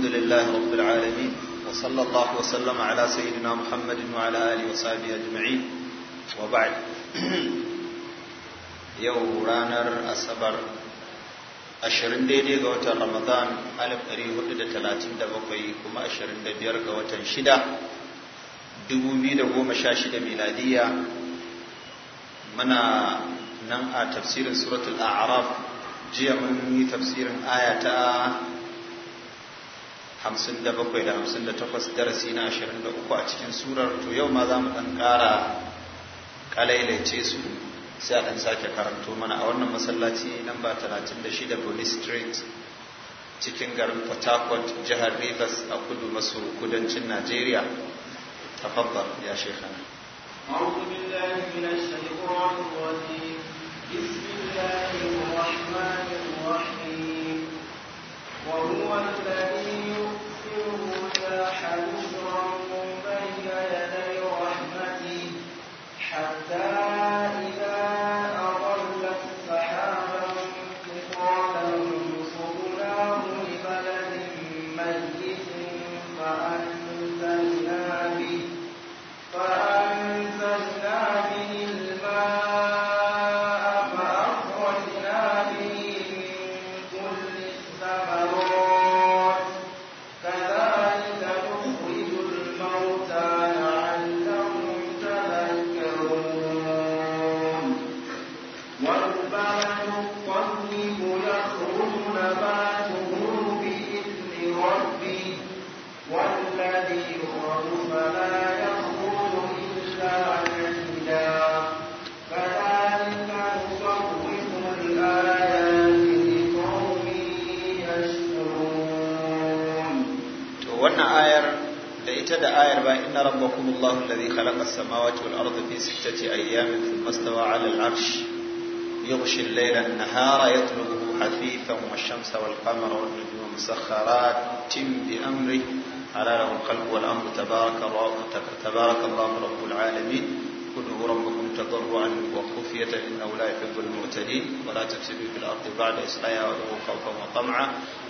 الحمد لله رب العالمين وصلى الله وسلم على سيدنا محمد وعلى آله وصحبه أجمعين وبعد يوم رانر أسبر ashirin daidai ga watan ramadan alif ɗari hudu da talatin da bakwai kuma ashirin da biyar ga watan shida dubu biyu da goma sha shida miladiya muna nan a tafsirin suratul a'raf jiya mun yi tafsirin aya ta hamsin da bakwai da hamsin da takwas darasi na ashirin da uku a cikin surar to yau ma za mu ɗan ƙara ce su sai a ɗan sake karanto mana a wannan masallaci ba talatin da shida police street cikin garin port harcourt jihar rivers a kudu maso kudancin najeriya tafaddal ya shekhana أعوذ بسم الله الرحمن الرحيم وهو الذي حشرا بين يدي رحمته حتى da ayar ba inna rabbakum Allahu alladhi khalaqa as-samawati wal arda fi sittati ayyamin thumma stawa 'ala al-'arsh yughshi al-layla an-nahara yatlubuhu hafifan wash-shamsa wal-qamara wan-nujuma musakhkharatin bi amrihi ala lahu al-khalqu wal-amru tabaraka Allahu rabbul 'alamin ادعوا ربكم تضرعا وخفية إنه لا يحب المعتدين ولا تفسدوا في الأرض بعد إصلاحها وادعوا خوفا وطمعا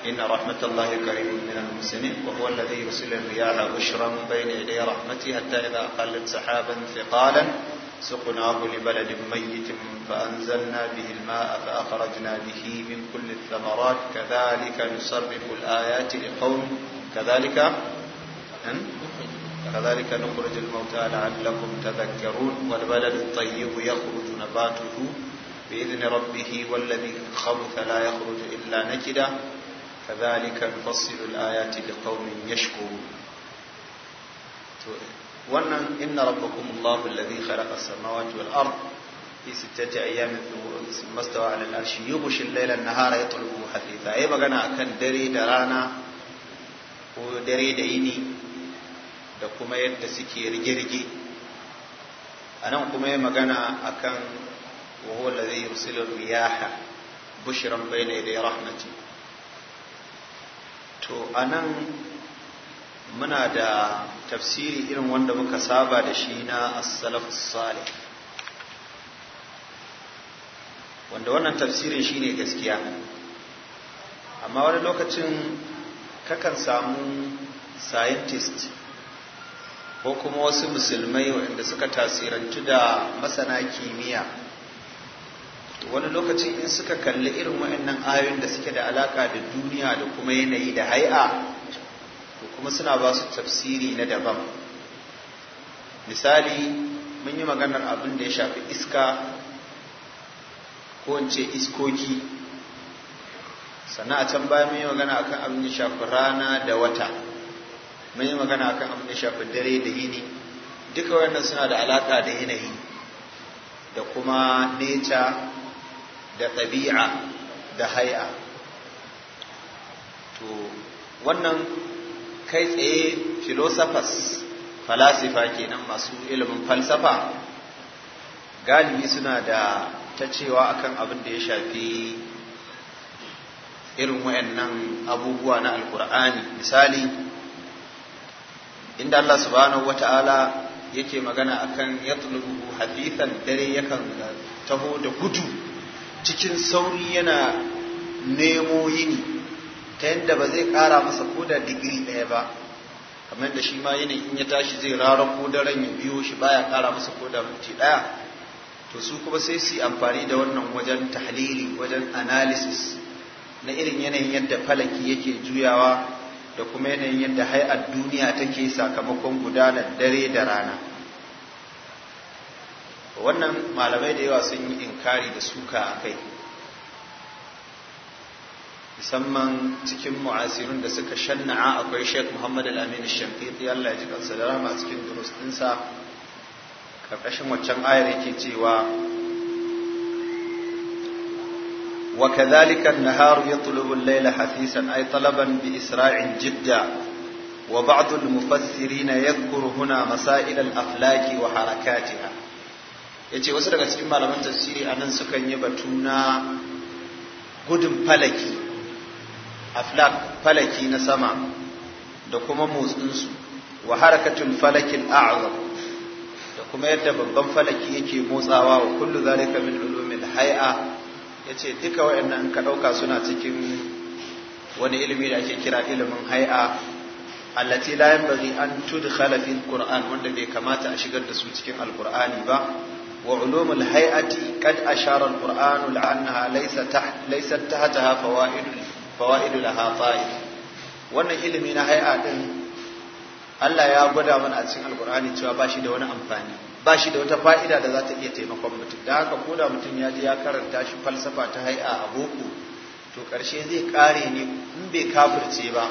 إن رحمة الله قريب من المحسنين وهو الذي يرسل الرياح بشرا بين يدي رحمته حتى إذا أقلت سحابا ثقالا سقناه لبلد ميت فأنزلنا به الماء فأخرجنا به من كل الثمرات كذلك نصرف الآيات لقوم كذلك كذلك نخرج الموتى لعلكم تذكرون والبلد الطيب يخرج نباته بإذن ربه والذي خبث لا يخرج إلا نجدا كذلك نفصل الآيات لقوم يشكرون وأن إن ربكم الله الذي خلق السماوات والأرض في ستة أيام ثم استوى على العرش يغش الليل النهار يطلبه حثيثا أي بغنا كان دري درانا ودري ديني da kuma yadda suke rige-rige a nan kuma ya magana a kan wahuwa da zai yursilar riyaha bushiran bai na da rahmati to a nan muna da tafsiri irin wanda muka saba da shi na as-salaf salih wanda wannan tafsirin shi ne gaskiya amma wani lokacin kakan samu scientist ko kuma wasu musulmai waɗanda suka tasirantu da masana kimiyya wani lokaci in suka kalli irin waɗannan ayoyin da suke da alaka da duniya da kuma yanayi da hai'a to kuma suna ba su tafsiri na daban misali mun yi maganar abin da ya shafi iska ko in ce iskoki sannan a can baya mun yi magana akan abin da shafi rana da wata mun yi magana kan abin da shafi dare da yini duka wannan suna da alaƙa da yanayi da kuma neca da ɗabi'a da hai'a to wannan kai tsaye philosophers falasifa kenan masu ilimin falsafa galibi suna da ta cewa akan abin da ya shafi irin wayannan abubuwa na alkur'ani misali inda Allah subhanahu Ta'ala yake magana akan tulubu hadithan dare yakan taho da gudu cikin sauri yana nemo yini ta yadda ba zai kara masa koda digiri ɗaya ba kamar da shi ma yini in ya tashi zai rara ko daren ya biyo shi baya kara masa koda minti ɗaya to su kuma sai su amfani da wannan wajen tahlili wajen analysis na irin yanayin yadda falaki yake juyawa da kuma yanayin yadda hai'ar duniya take sakamakon gudanar dare da rana wannan malamai da yawa sun yi inkari da suka a kai musamman cikin mu'asirin da suka shanna'a akwai sheikh muhammad al-amin shankiti allah ya ji kansa da rama cikin durustinsa ɗinsa ƙarƙashin waccan ayar yake cewa وكذلك النهار يطلب الليل حثيثا أي طلبا بإسراع جدا وبعض المفسرين يذكر هنا مسائل الأفلاك وحركاتها yace wasu daga cikin malaman tafsiri a nan sukan yi batu na gudun falaki aflak falaki na sama da kuma motsinsu wa harakatun falakin a'zam da kuma yadda babban falaki yake motsawa wa kullu zalika min ulumil haia. ya ce duka waɗannan ka ɗauka suna cikin wani ilimi da ake kira ilimin hai'a allati la yanbaghi an tudkhala fil qur'an wanda bai kamata a shigar da su cikin alqur'ani ba wa ulumul hay'ati qad ashara alqur'an la annaha laysa laysa tahtaha fawaid fawaid laha wannan ilimi na hai'a din Allah ya gwada mana a cikin alqur'ani cewa ba shi da wani amfani ba shi da wata fa'ida da za ta iya taimakon mutum da haka ko da mutum ya ji ya karanta shi falsafa ta hai'a a boko to ƙarshe zai ƙare ne in bai kafirce ba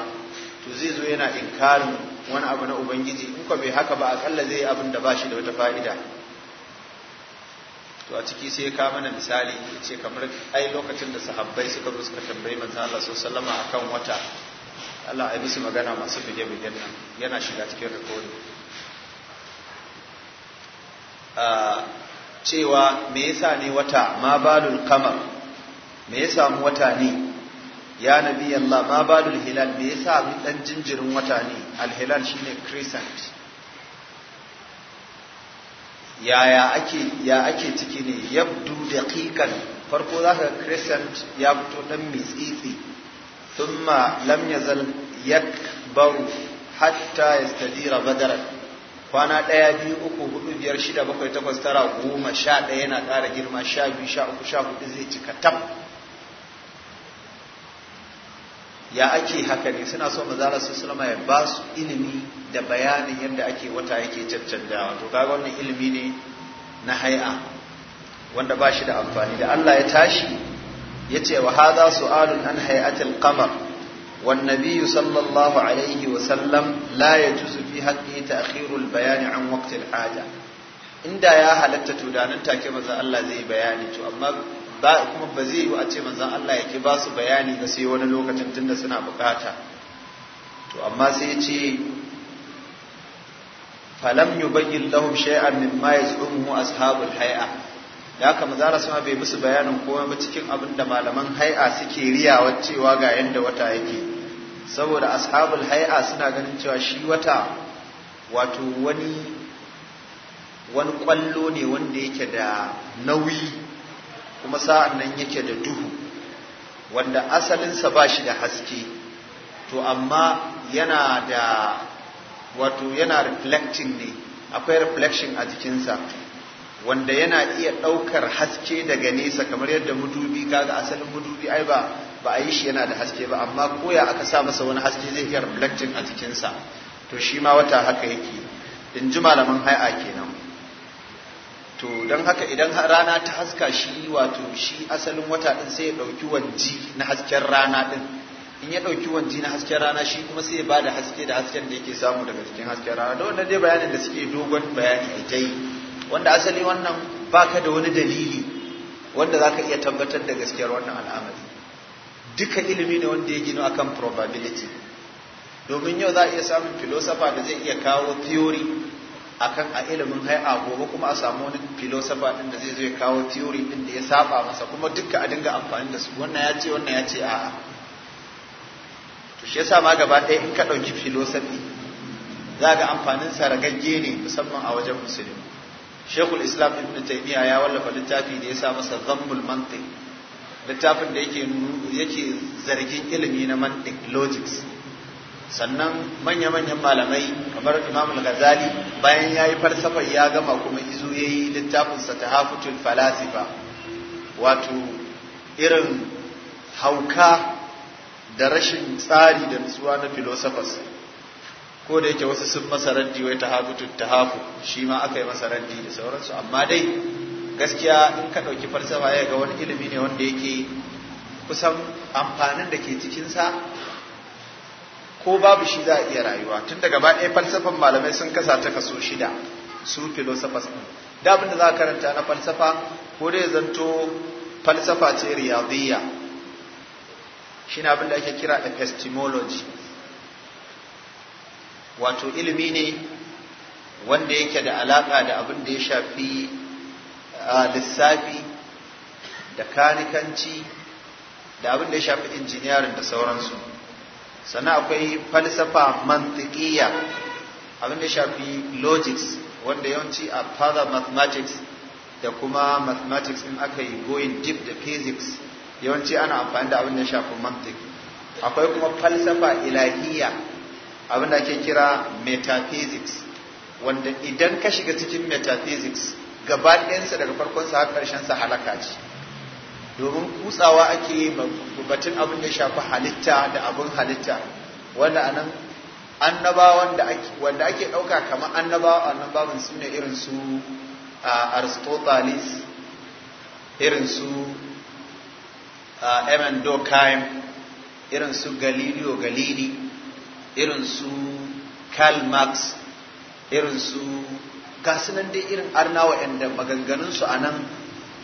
to zai zo yana inkarin wani abu na ubangiji in ka bai haka ba aƙalla zai yi abin da ba shi da wata fa'ida to a ciki sai ka mana misali ce kamar ai lokacin da sahabbai suka zo suka tambayi manzo Allah sallallahu alaihi akan wata Allah ya musu magana masu bige-bigen nan yana shiga cikin rikodin. cewa me yasa ne wata ma balul kamar me ya samu wata ne ya nabi Allah ma balul hilal me yasa mu dan jinjirin wata ne al hilal shine crescent yaya ake ya ake ciki ne yabdu daqiqan farko zaka crescent ya fito dan mitsitsi thumma lam yazal yakbaru hatta yastadira badaran kwana ɗaya biyu uku hudu biyar shida bakwai takwas tara goma sha ɗaya yana ƙara girma sha biyu sha uku sha hudu zai cika tam ya ake haka ne suna so mazala su sulama ya ba su ilimi da bayanin yadda ake wata yake cancanjawa to kaga wannan ilimi ne na hai'a wanda ba shi da amfani da Allah ya tashi ya ce wa haza su'alun an hay'atil qamar والنبي صلى الله عليه وسلم لا يجوز في حقه تأخير البيان عن وقت الحاجة إن دا يا هلتا تودان انتا كما زال الله زي بياني تو أما ba kuma ba zai yi a ce manzan Allah ya ki ba su bayani ba sai wani lokacin tunda suna bukata to amma sai ya ce falam yubayyin lahum shay'an mimma yazumuhu ashabul haia. da haka manzara sama bai musu bayanin komai ba cikin abinda malaman haia suke riyawa cewa ga yanda wata yake saboda ashabul hay'a suna ganin cewa shi wata wato wani wani kwallo ne wanda yake da nauyi kuma sa'an nan yake da duhu wanda asalinsa ba shi da haske to amma yana da wato yana reflecting ne akwai reflection a jikinsa wanda yana iya ɗaukar haske daga nesa kamar yadda mudubi kaga asalin mudubi ai ba ba a yi shi yana da haske ba amma koya aka sa masa wani haske zai iya reflecting a jikinsa to shi ma wata haka yake in ji malaman hai'a kenan to don haka idan rana ta haska shi wato shi asalin wata din sai ya ɗauki wanji na hasken rana din in ya ɗauki wanji na hasken rana shi kuma sai ya ba da haske da hasken da yake samu daga cikin hasken rana da wannan dai bayanin da suke dogon bayani ta yi wanda asali wannan baka da wani dalili wanda za ka iya tabbatar da gaskiyar wannan al'amari duka ilimi ne wanda ya gino akan probability domin yau za a iya samun filosofa da zai iya kawo theory akan a ilimin a gobe kuma a samu wani filosofa din da zai zo ya kawo theory din da ya saba masa kuma duka a dinga amfani da su wannan ya ce wannan ya ce a'a to shi yasa ma gaba ɗaya in ka ɗauki filosofi za ga amfanin sa ragagge ne musamman a wajen musulmi shekul islam ibn taymiya ya wallafa littafi da ya sa masa zammul mantiq littafin da yake yake zargin ilimi na mantic logics sannan manya-manyan malamai kamar imam al-ghazali bayan ya yi falsafar ya gama kuma izo ya yi littafinsa ta hafutun falasifa wato irin hauka da rashin tsari da nutsuwa na philosophers ko da yake wasu sun masa raddi wai ta tun ta hafu shi ma aka yi masa raddi da sauransu amma dai gaskiya in ka ɗauki falsafa ya ga wani ilimi ne wanda yake kusan amfanin da ke cikinsa ko babu shi za a iya rayuwa tun daga ɗaya falsafan malamai sun kasa ta kaso shida su philosophers ɗin da abin da za a karanta na falsafa ko dai zanto falsafa ce riyadiyya shi abin da ake kira epistemology wato ilimi ne wanda yake da alaƙa da abin da ya shafi lissafi da kanikanci da abin da ya shafi injiniyarin da sauransu sannan akwai falsafa mantikiya, abin da ya shafi logics wanda yawanci a father mathematics da kuma mathematics in aka yi going deep da physics yawanci ana amfani da abin da ya shafi mantik akwai kuma falsafa ilahiya abin da ake kira metaphysics wanda idan ka shiga cikin metaphysics gaba ɗayansa daga farkon sa har sa halaka ce domin kutsawa ake batun abin da ya shafi halitta da abin halitta wanda anan annabawan ake wanda ake ɗauka kamar annabawa annabawan su ne irin su aristotelis irin su emin durkheim irin su galileo galili irin su karl marx irin su ga su dai irin arna wa'anda maganganunsu a nan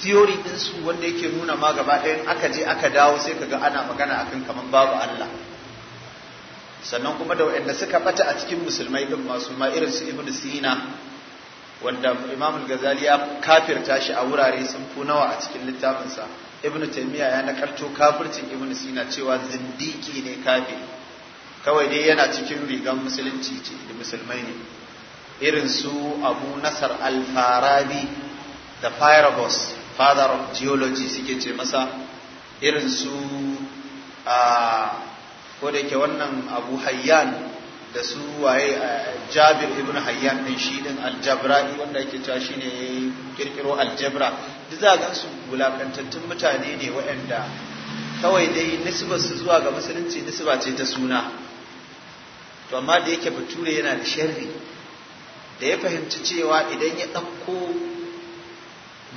theory ɗinsu wanda yake nuna ma gaba ɗayan aka je aka dawo sai kaga ana magana akan kaman babu Allah sannan kuma da waɗanda suka bata a cikin musulmai din masu ma irin su ibnu Sina wanda Imam Al-Ghazali ya kafirta shi a wurare sun fu nawa a cikin littafinsa ibnu taymiya ya nakarto kafircin ibnu Sina cewa zindiki ne kafir kawai dai yana cikin rigan musulunci ce musulmai ne irin su abu nasar alfarabi da firebus father of geology suke ce masa irin su a kodayake wannan abu hayyan da su waye jabir ibn hayyan din shi din aljabra'i wanda yake cewa shi ne kirkiro aljabra duk za gan su wulakantattun mutane ne waɗanda kawai dai nisbar su zuwa ga musulunci nisba ce ta suna to amma da yake bature yana da sharri da ya fahimci cewa idan ya ɗauko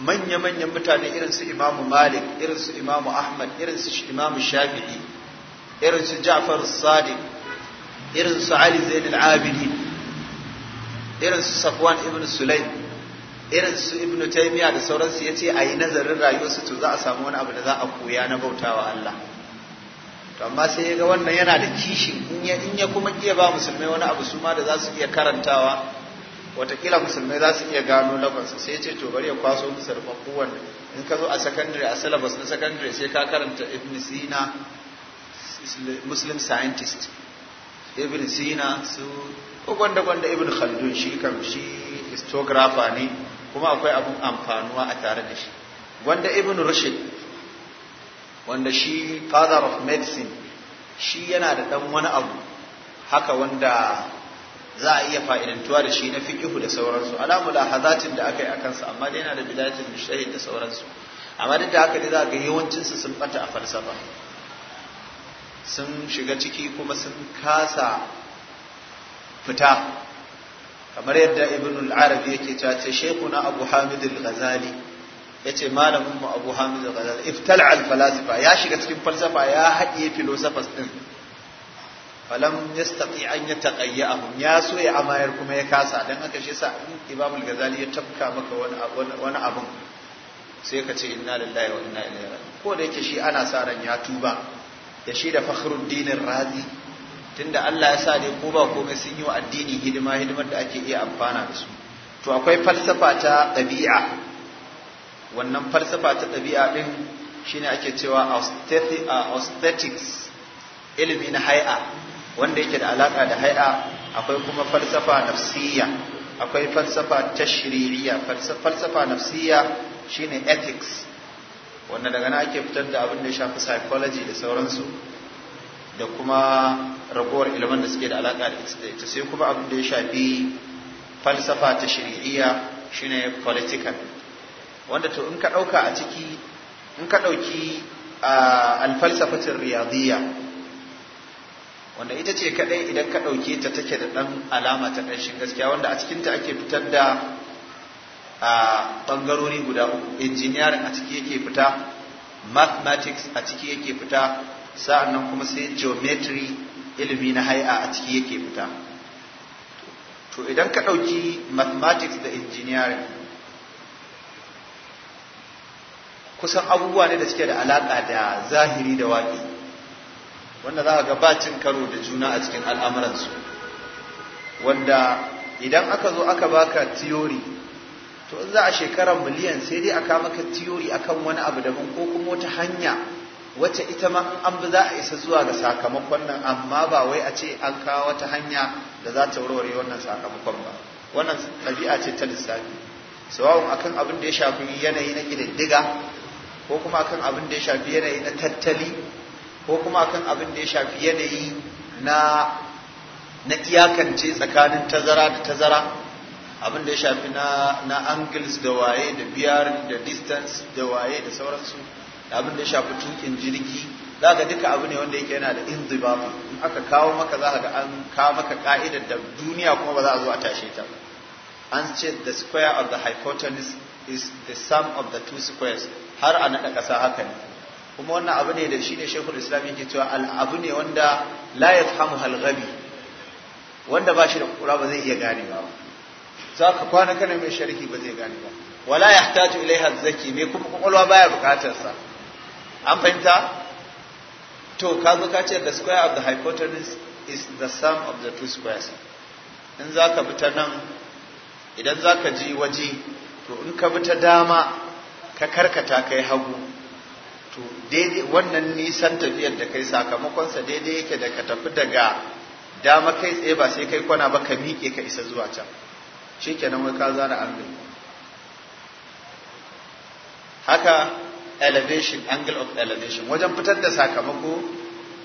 manya-manyan mutane irin imamu malik irin imamu ahmad irin imamu shafi'i irin ja'far sadiq irin su ali zain al-abidi irin su safwan ibn sulaim irin ibn taymiya da sauransu ya ce a yi nazarin rayuwarsu to za a samu wani abu da za a koya na bautawa Allah to amma sai ya ga wannan yana da kishin in ya kuma iya ba musulmai wani abu su ma da za su iya karantawa watakila musulmai za su iya gano lafansu sai ce to bari ya kwaso musu rufaffu kowane in ka zo a secondary a syllabus na secondary sai ka karanta ibn sina muslim scientist ibn sina su gwanda gwanda ibn khaldun shi kam shi histographer ne kuma akwai abun amfanuwa a tare da shi wanda ibn rushd wanda shi father of medicine shi yana da dan wani abu haka wanda za a iya fa'idantuwa da shi na fiqhu da sauransu ala mulahazatin da aka yi akan sa amma dai yana da bidayatul mujtahid da sauransu amma duk da haka dai za ga yawancin su sun bata a falsafa sun shiga ciki kuma sun kasa fita kamar yadda ibn al-arabi yake cewa ce na abu hamid al-ghazali yace malamin mu abu hamid al-ghazali iftala al-falasifa ya shiga cikin falsafa ya haɗiye philosophers ɗin. falam yastati an yataqayyahum ya so ya amayar kuma ya kasa dan haka shi yasa Imam al-Ghazali ya tafka maka wani wani abun sai ka ce inna lillahi wa inna ilaihi raji'un ko da yake shi ana sa ran ya tuba da shi da Fakhruddin Razi tunda Allah ya sa dai ko ba komai sun yi wa addini hidima hidimar da ake iya amfana da su to akwai falsafa ta ɗabi'a wannan falsafa ta ɗabi'a din shine ake cewa aesthetics ilimi na hai'a wanda yake da alaka da hai'a akwai kuma falsafa nafsiyya akwai falsafa tashri'iyya falsafa nafsiyya shine ethics wanda daga nan ake fitar da abin da ya shafi psychology da sauransu da kuma ragowar ilimin da suke da alaka da ita sai kuma abin da ya shafi falsafa ta shine political wanda to in ka ɗauka a ciki in ka ɗauki ah, alfalsafatin riyadiyya wanda ita ce kadai idan ka ɗauke ta take da ɗan alama ta ƙanshin gaskiya wanda a cikinta ake fitar da a ɓangarori guda uku engineering a ciki yake fita mathematics a ciki yake fita sa'annan kuma sai geometry ilimi na hai'a a ciki yake fita to idan ka ɗauki mathematics da engineering kusan abubuwa ne da suke da alaƙa da zahiri da waƙi wanda za ga ba karo da juna a cikin al'amuransu wanda idan aka zo aka baka tiyori to in za a shekarar miliyan sai dai aka maka tiyori akan wani abu daban ko kuma wata hanya wacce ita ma an bi za a isa zuwa ga sakamakon nan amma ba wai a ce an kawo wata hanya da za ta warware wannan sakamakon ba wannan ɗabi'a ce ta lissafi sawa'un akan abin da ya shafi yanayi na ƙididdiga ko kuma akan abin da ya shafi yanayi na tattali ko kuma akan abin da ya shafi yanayi na na iyakance tsakanin tazara da tazara abin da ya shafi na na angles da waye da biyar da distance da waye da sauransu da abin da ya shafi tukin jirgi za ka duka abu ne wanda yake yana da inzibab in aka kawo maka za ka ga an kawo maka ka'idar da duniya kuma ba za a zo a tashe ta an ce the square of the hypotenuse is the sum of the two squares har a naɗa ƙasa haka ne kuma wannan abu ne da shi ne shekul islam yake cewa abu ne wanda la ya halgabi wanda ba shi da kura ba zai iya gane ba za ka kwana kana mai sharhi ba zai gane ba wala ya hataju ilai hazzaki mai kuma kwakwalwa baya bukatarsa an fahimta to ka zo ka ce the square of the hypotenuse is the sum of the two squares in za ka bi ta nan idan za ka ji waje to in ka bi ta dama ka karkata ka yi hagu to daidai wannan nisan tafiyar da kai sakamakonsa daidai yake da ka tafi daga dama kai tsaye ba sai kai kwana ba ka miƙe ka isa zuwa can shi kenan wai ka zana angle haka elevation angle of elevation wajen fitar da sakamako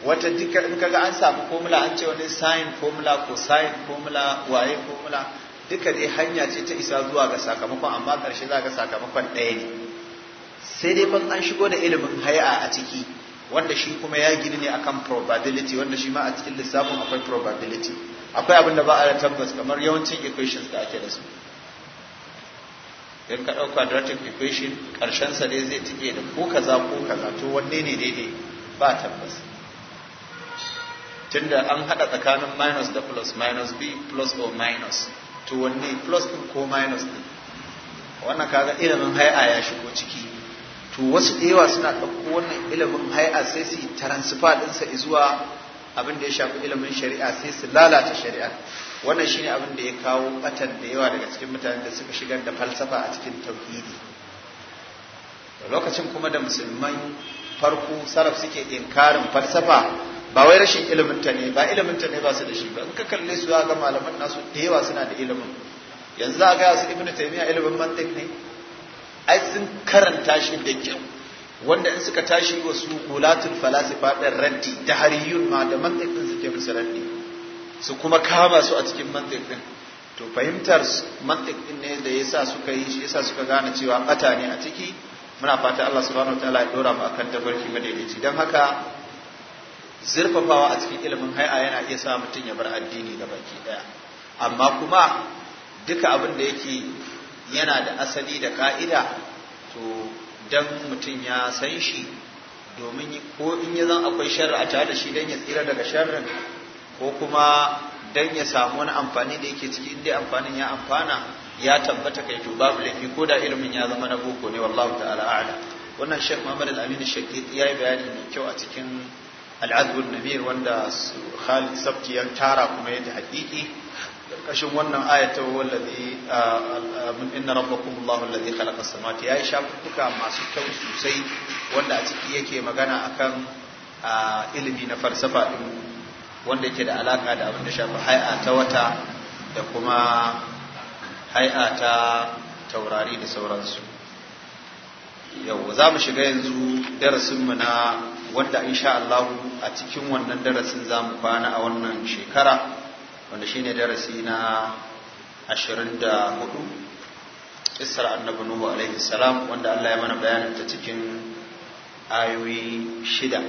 wata duka in kaga an samu formula an ce wani sign formula sign formula waye formula duka dai hanya ce ta isa zuwa ga sakamakon amma karshe za ga sakamakon ɗaya ne sai dai fa an shigo da ilimin hay'a a ciki wanda shi kuma ya gini ne akan probability wanda shi ma a cikin lissafin akwai probability akwai abin da ba a da tabbas kamar yawancin equations da ake da su in ka ɗauka quadratic equation ƙarshen sa dai zai tike da ko kaza ko kaza to wanne ne daidai ba tabbas tunda an hada tsakanin minus da plus minus b plus or minus to wanne plus ko minus ɗin wannan kaga ilimin hai'a ya shigo ciki to wasu da suna ɗauko wannan ilimin hai'a sai su taransifa ɗinsa zuwa abin da ya shafi ilimin shari'a sai su lalata shari'a wannan shine abin da ya kawo batan da yawa daga cikin mutanen da suka shigar da falsafa a cikin tauhidi lokacin kuma da musulman farko sarraf suke inkarin falsafa ba wai rashin ilimin ta ne ba ilimin ta ne ba su da shi ba in ka kalle su ga malaman nasu da yawa suna da ilimin yanzu za ga su ibnu taymiya ilimin mantiq ne ai sun karanta shi da kyau wanda in suka tashi wa su kulatul falasifa ta raddi da hariyun ma da mantik suke musu raddi su kuma kama su a cikin mantik to fahimtar mantik ne da yasa suka yi shi yasa suka gane cewa bata ne a ciki muna fata Allah subhanahu wataala ya dora mu akan tabarki madaidaici don haka zurfafawa a cikin ilimin hai'a yana iya sa mutum ya bar addini da baki daya amma kuma duka abin da yake yana da asali da ka'ida to dan mutum ya san shi domin ko in ya zan akwai shari'a a tare da shi don ya tsira daga sharrin ko kuma don ya samu wani amfani da yake ciki inda amfanin ya amfana ya tabbata kai to babu laifi ko da ilimin ya zama na boko ne wallahu ta'ala a'lam wannan shek Muhammad Al-Amin ya yi bayani mai kyau a cikin Al-Azbun Nabir wanda Khalid Sabti ya tara kuma ya haƙiƙi kashin wannan ayata wallazi min inna rabbakum Allahu allazi khalaqa samawati yayi shafuka masu kyau sosai wanda a ciki yake magana akan ilimi na falsafa din wanda yake da alaka da abin da shafi hay'a ta wata da kuma hay'a ta taurari da sauransu yau za mu shiga yanzu darasinmu na wanda insha Allah a cikin wannan darasin za mu kwana a wannan shekara wanda shine darasi na 24 kissar annabi nuhu alaihi salam wanda Allah ya mana bayanin ta cikin ayoyi shida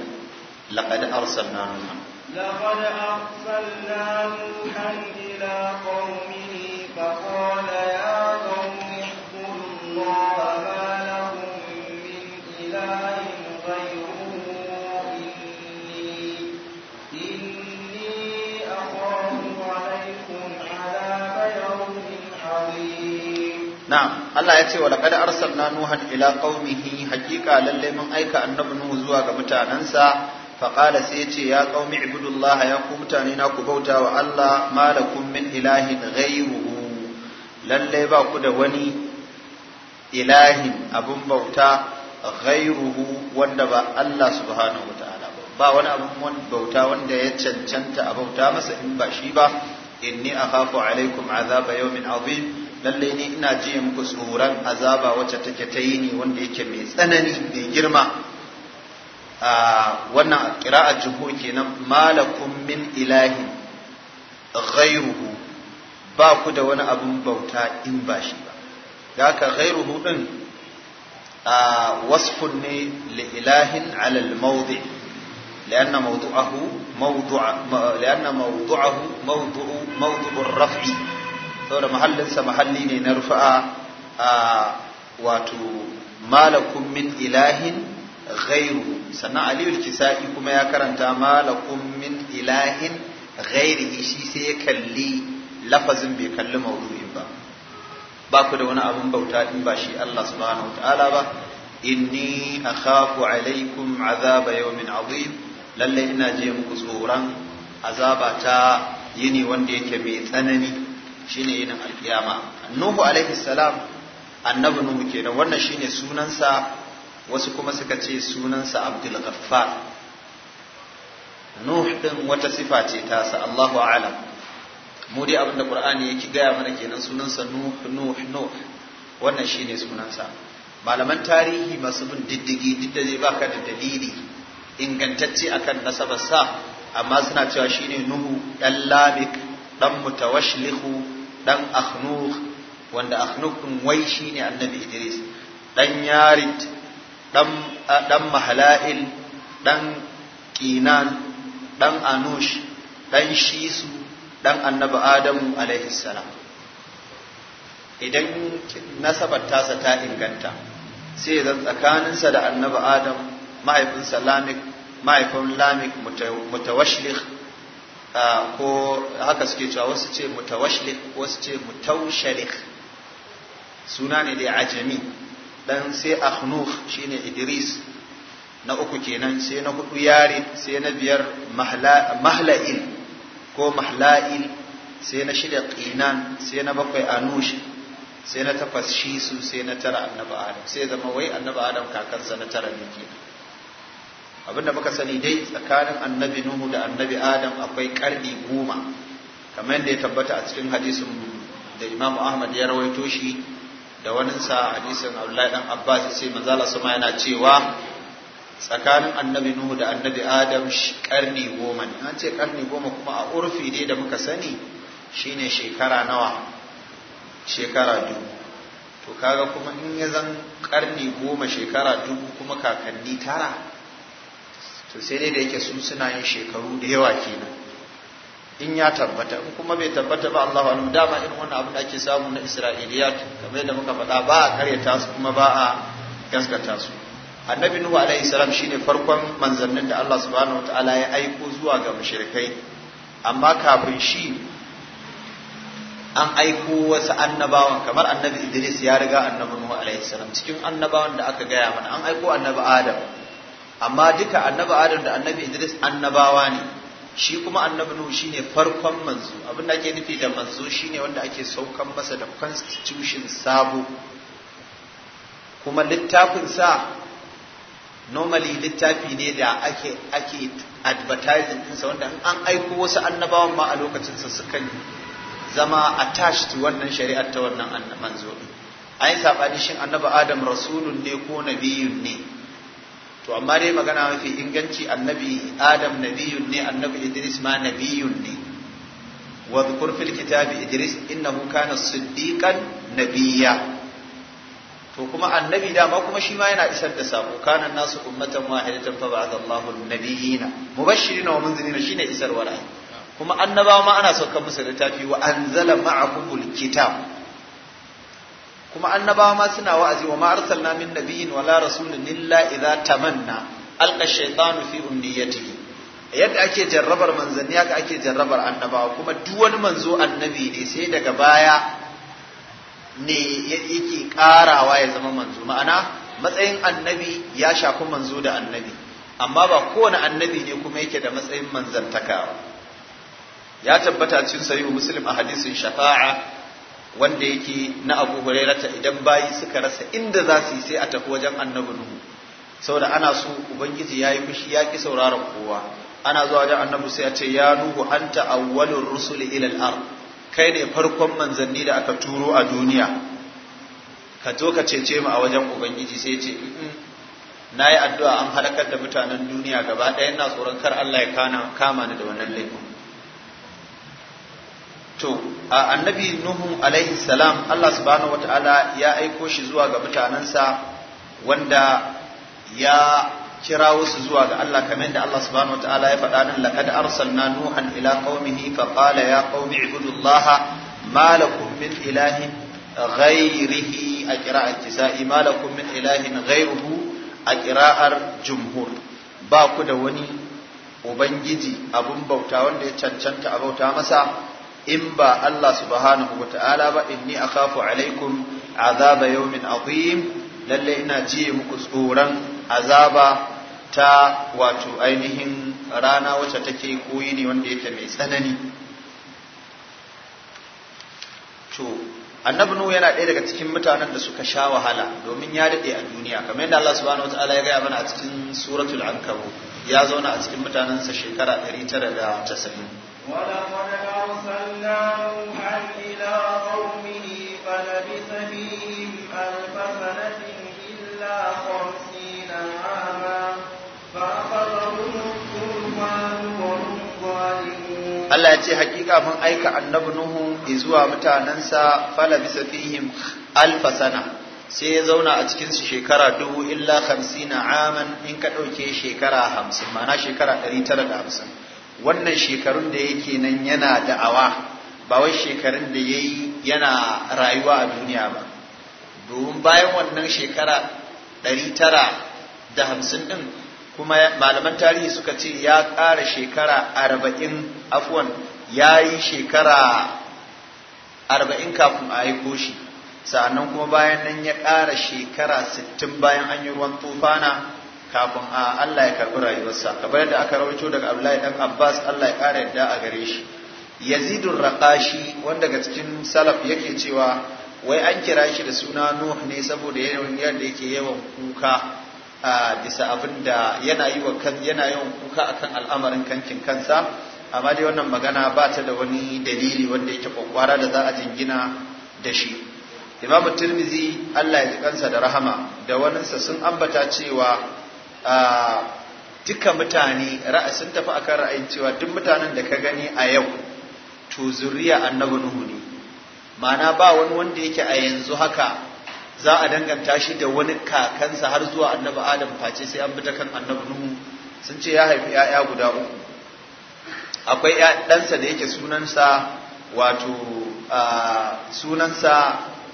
laqad arsalna nuha laqad arsalna nuhan ila qaumihi fa qala ya qaumi اذكروا الله ما لكم من إله na'am Allah ya ce wa laqad arsalna nuhan ila qaumihi haqiqa lalle mun aika annabi nuhu zuwa ga mutanansa fa qala sai ya ya qaumi ibudullaha ya ku mutane na ku bauta wa Allah malakum min ilahin ghayruhu lalle ba ku da wani ilahin abun bauta ghayruhu wanda ba Allah subhanahu wataala ba ba wani abun bauta wanda ya cancanta a bauta masa in ba shi ba inni akhafu alaikum azaba yawmin azim lallai ne ina ji muku tsoron azaba wacce take ta yi ni wanda yake mai tsanani mai girma a wannan ƙira'a jiho kenan malakun min ilahi ghairuhu ba ku da wani abin bauta in ba shi ba da haka ghairuhu din a wasfun ne li ilahin alal mawdi لأن موضوعه موضوع لأن موضوعه موضوع موضوع الرفع saboda mahallinsa mahalli ne na rufa'a a wato malakun min ilahin ghairu sannan aliyu kisa'i kuma ya karanta malakun min ilahin ghairihi shi sai ya kalli lafazin bai kalli maudu'in ba ba ku da wani abin bauta in ba shi Allah subhanahu wataala ba inni akhafu alaikum azaba yawmin azim lalle ina je muku tsoron azaba ta yini wanda yake mai tsanani shine yinin alkiyama nuhu alaihi salam annabi nuhu kenan wannan shine sunansa wasu kuma suka ce sunansa abdul ghaffar nuh din wata sifa ce ta sa Allahu a'lam mu dai abinda qur'ani yake gaya mana kenan sunansa nuh nuh nuh wannan shine sunansa malaman tarihi masu bin diddigi duk zai baka da dalili ingantacce akan nasabarsa amma suna cewa shine nuhu dan lamik dan mutawashlihu ɗan akhnukh wanda Akhnukun wai shine annabi idris dan yarid eh, dan mahala'il ɗan qinan ɗan anush ɗan shisu ɗan annabi adamu alaihi salam idan nasabar tasa ta inganta sai zan tsakaninsa da annabi Adamu, mahaifinsa lamik mahaifin lamik mutawashlikh ko haka suke cewa wasu ce mutawashlik wasu ce mutawshalik suna ne da ajami dan sai akhnuf shine idris na uku kenan sai na hudu yari sai na biyar mahla'il ko mahla'il sai na shida qinan sai na bakwai anush sai na takwas shisu sai na tara annabi sai zama wai annabi adam kakansa na tara ne kenan abinda muka sani dai tsakanin annabi nuhu da annabi adam akwai karni goma kamar yadda ya tabbata a cikin hadisin da imamu ahmad ya rawaito shi da waninsa hadisin abdullahi dan abbas ya ce manzala sama yana cewa tsakanin annabi nuhu da annabi adam karni goma ne an ce karni goma kuma a urfi dai da muka sani shine shekara nawa shekara dubu to kaga kuma in ya zan karni goma shekara dubu kuma kakanni tara to sai dai da yake su suna yin shekaru da yawa kenan in ya tabbata in kuma bai tabbata ba Allahu alim dama irin wannan abin da ake samu na israiliya kamar yadda muka faɗa ba a karyata su kuma ba a gaskata su annabi nuhu alaihi salam shine farkon manzannin da Allah subhanahu wataala ya aiko zuwa ga mushrikai amma kafin shi an aiko wasu annabawan kamar annabi idris ya riga annabi nuhu alaihi salam cikin annabawan da aka gaya mana an aiko annabi adam amma duka annabi adam da annabi idris annabawa ne shi kuma annabi nuhu shine farkon manzo abin da ake nufi da manzo shine wanda ake saukan masa da constitution sabo kuma littafin sa normally littafi ne da ake ake advertising sa wanda an aiko wasu annabawan ma a lokacinsa sukan zama attached to wannan shari'ar ta wannan manzo a sabani saɓani shin annabi adam rasulun ne ko nabiyun ne to amma dai magana mafi inganci annabi adam nabiyun ne annabi idris ma nabiyun ne wa dhkur fil kitab idris innahu kana siddiqan nabiyya to kuma annabi dama kuma shi ma yana isar da sako kana nasu ummatan wahidatan fa ba'atha Allahu nabiyina mubashshirina wa munzirina shine isarwar wara kuma annabawa ma ana saukar musu littafi wa anzala ma'ahumul kitab kuma annabawa ma suna wa'azi wa ma arsalna min nabiyyin wala rasulun illa idza tamanna alqa shaytanu fi umniyatihi yadda ake jarrabar manzanni haka ake jarrabar annabawa kuma duk wani manzo annabi ne sai daga baya ne yake karawa ya zama manzo ma'ana matsayin annabi ya shafi manzo da annabi amma ba kowane annabi ne kuma yake da matsayin manzantakawa. ya tabbata cikin sahihu muslim a hadisin shafa'a wanda yake na abu hurairata idan bayi suka rasa inda za su yi sai a tafi wajen annabi nuhu saboda ana so ubangiji ya yi fushi ya ki sauraron kowa ana zuwa wajen annabi sai ya ce ya nuhu anta awwalur rusuli ila al-ard kai ne farkon manzanni da aka turo a duniya ka zo ka cece mu a wajen ubangiji sai ce na yi addu'a an halakar da mutanen duniya gaba ɗaya na tsoron kar Allah ya kama ni da wannan laifin to a annabi nuhu alaihi salam Allah subhanahu wataala ya aiko shi zuwa ga mutanensa wanda ya kira wasu zuwa ga Allah kamar da Allah subhanahu wataala ya faɗa nan laqad arsalna nuhan ila qaumihi fa qala ya qaumi ibudullaha ma min ilahin ghayrihi a qira'at tisa'i ma lakum min ilahin ghayruhu a qira'ar jumhur ba ku da wani ubangiji abun bauta wanda ya cancanta a bauta masa in ba Allah subhanahu wa ta'ala ba inni akhafu alaikum azaba yawmin azim lalle ina ji muku tsoron azaba ta wato ainihin rana wacce take koyi ne wanda yake mai tsanani to annabi nuhu yana ɗaya daga cikin mutanen da suka sha wahala domin ya daɗe a duniya kamar yadda Allah subhanahu ta’ala ya gaya mana a cikin suratul ankabut ya zauna a cikin mutanensa shekara 990 ولقد أرسلنا نوحا إلى قومه فلبث فيهم ألف سنة إلا خمسين عاما فأخذهم الطوفان وهم ظالمون الله يأتي حقيقة من أيك فلبث فيهم ألف سنة sai ya zauna a cikinsu shekara dubu illa hamsina aman in ka ɗauke shekara hamsin ma'ana shekara ɗari tara da hamsin wannan shekarun da yake nan yana da'awa ba wai shekarun da ya yi yana rayuwa a duniya ba domin bayan wannan shekara ɗari tara da hamsin ɗin kuma malaman tarihi suka ce ya ƙara shekara arba'in afwan ya yi shekara arba'in kafin a aiko shi sa'annan kuma bayan nan ya ƙara shekara sittin bayan an yi ruwan tufana kafin a Allah ya karɓi rayuwarsa kamar yadda aka rawaito daga Abdullahi dan Abbas Allah ya ƙara yadda a gare shi Yazidun Raqashi wanda daga cikin salaf yake cewa wai an kira shi da suna Nuh ne saboda yawan yadda yake yawan kuka a bisa abin da yana yi wa kan yana yawan kuka akan al'amarin kankin kansa amma dai wannan magana ba ta da wani dalili wanda yake kwakwara da za a jingina da shi Imam Tirmidhi Allah ya ji kansa da rahama da waninsa sun ambata cewa duka mutane sun tafi akan ra'ayin cewa duk mutanen da ka gani a yau to zuriya annabi nuhu ne ma'ana ba wani wanda yake a yanzu haka za a danganta shi da wani kakansa har zuwa annabi adam face sai an bi ta kan annabi nuhu sun ce ya haifi 'ya'ya guda uku akwai ɗansa da yake sunansa wato sunansa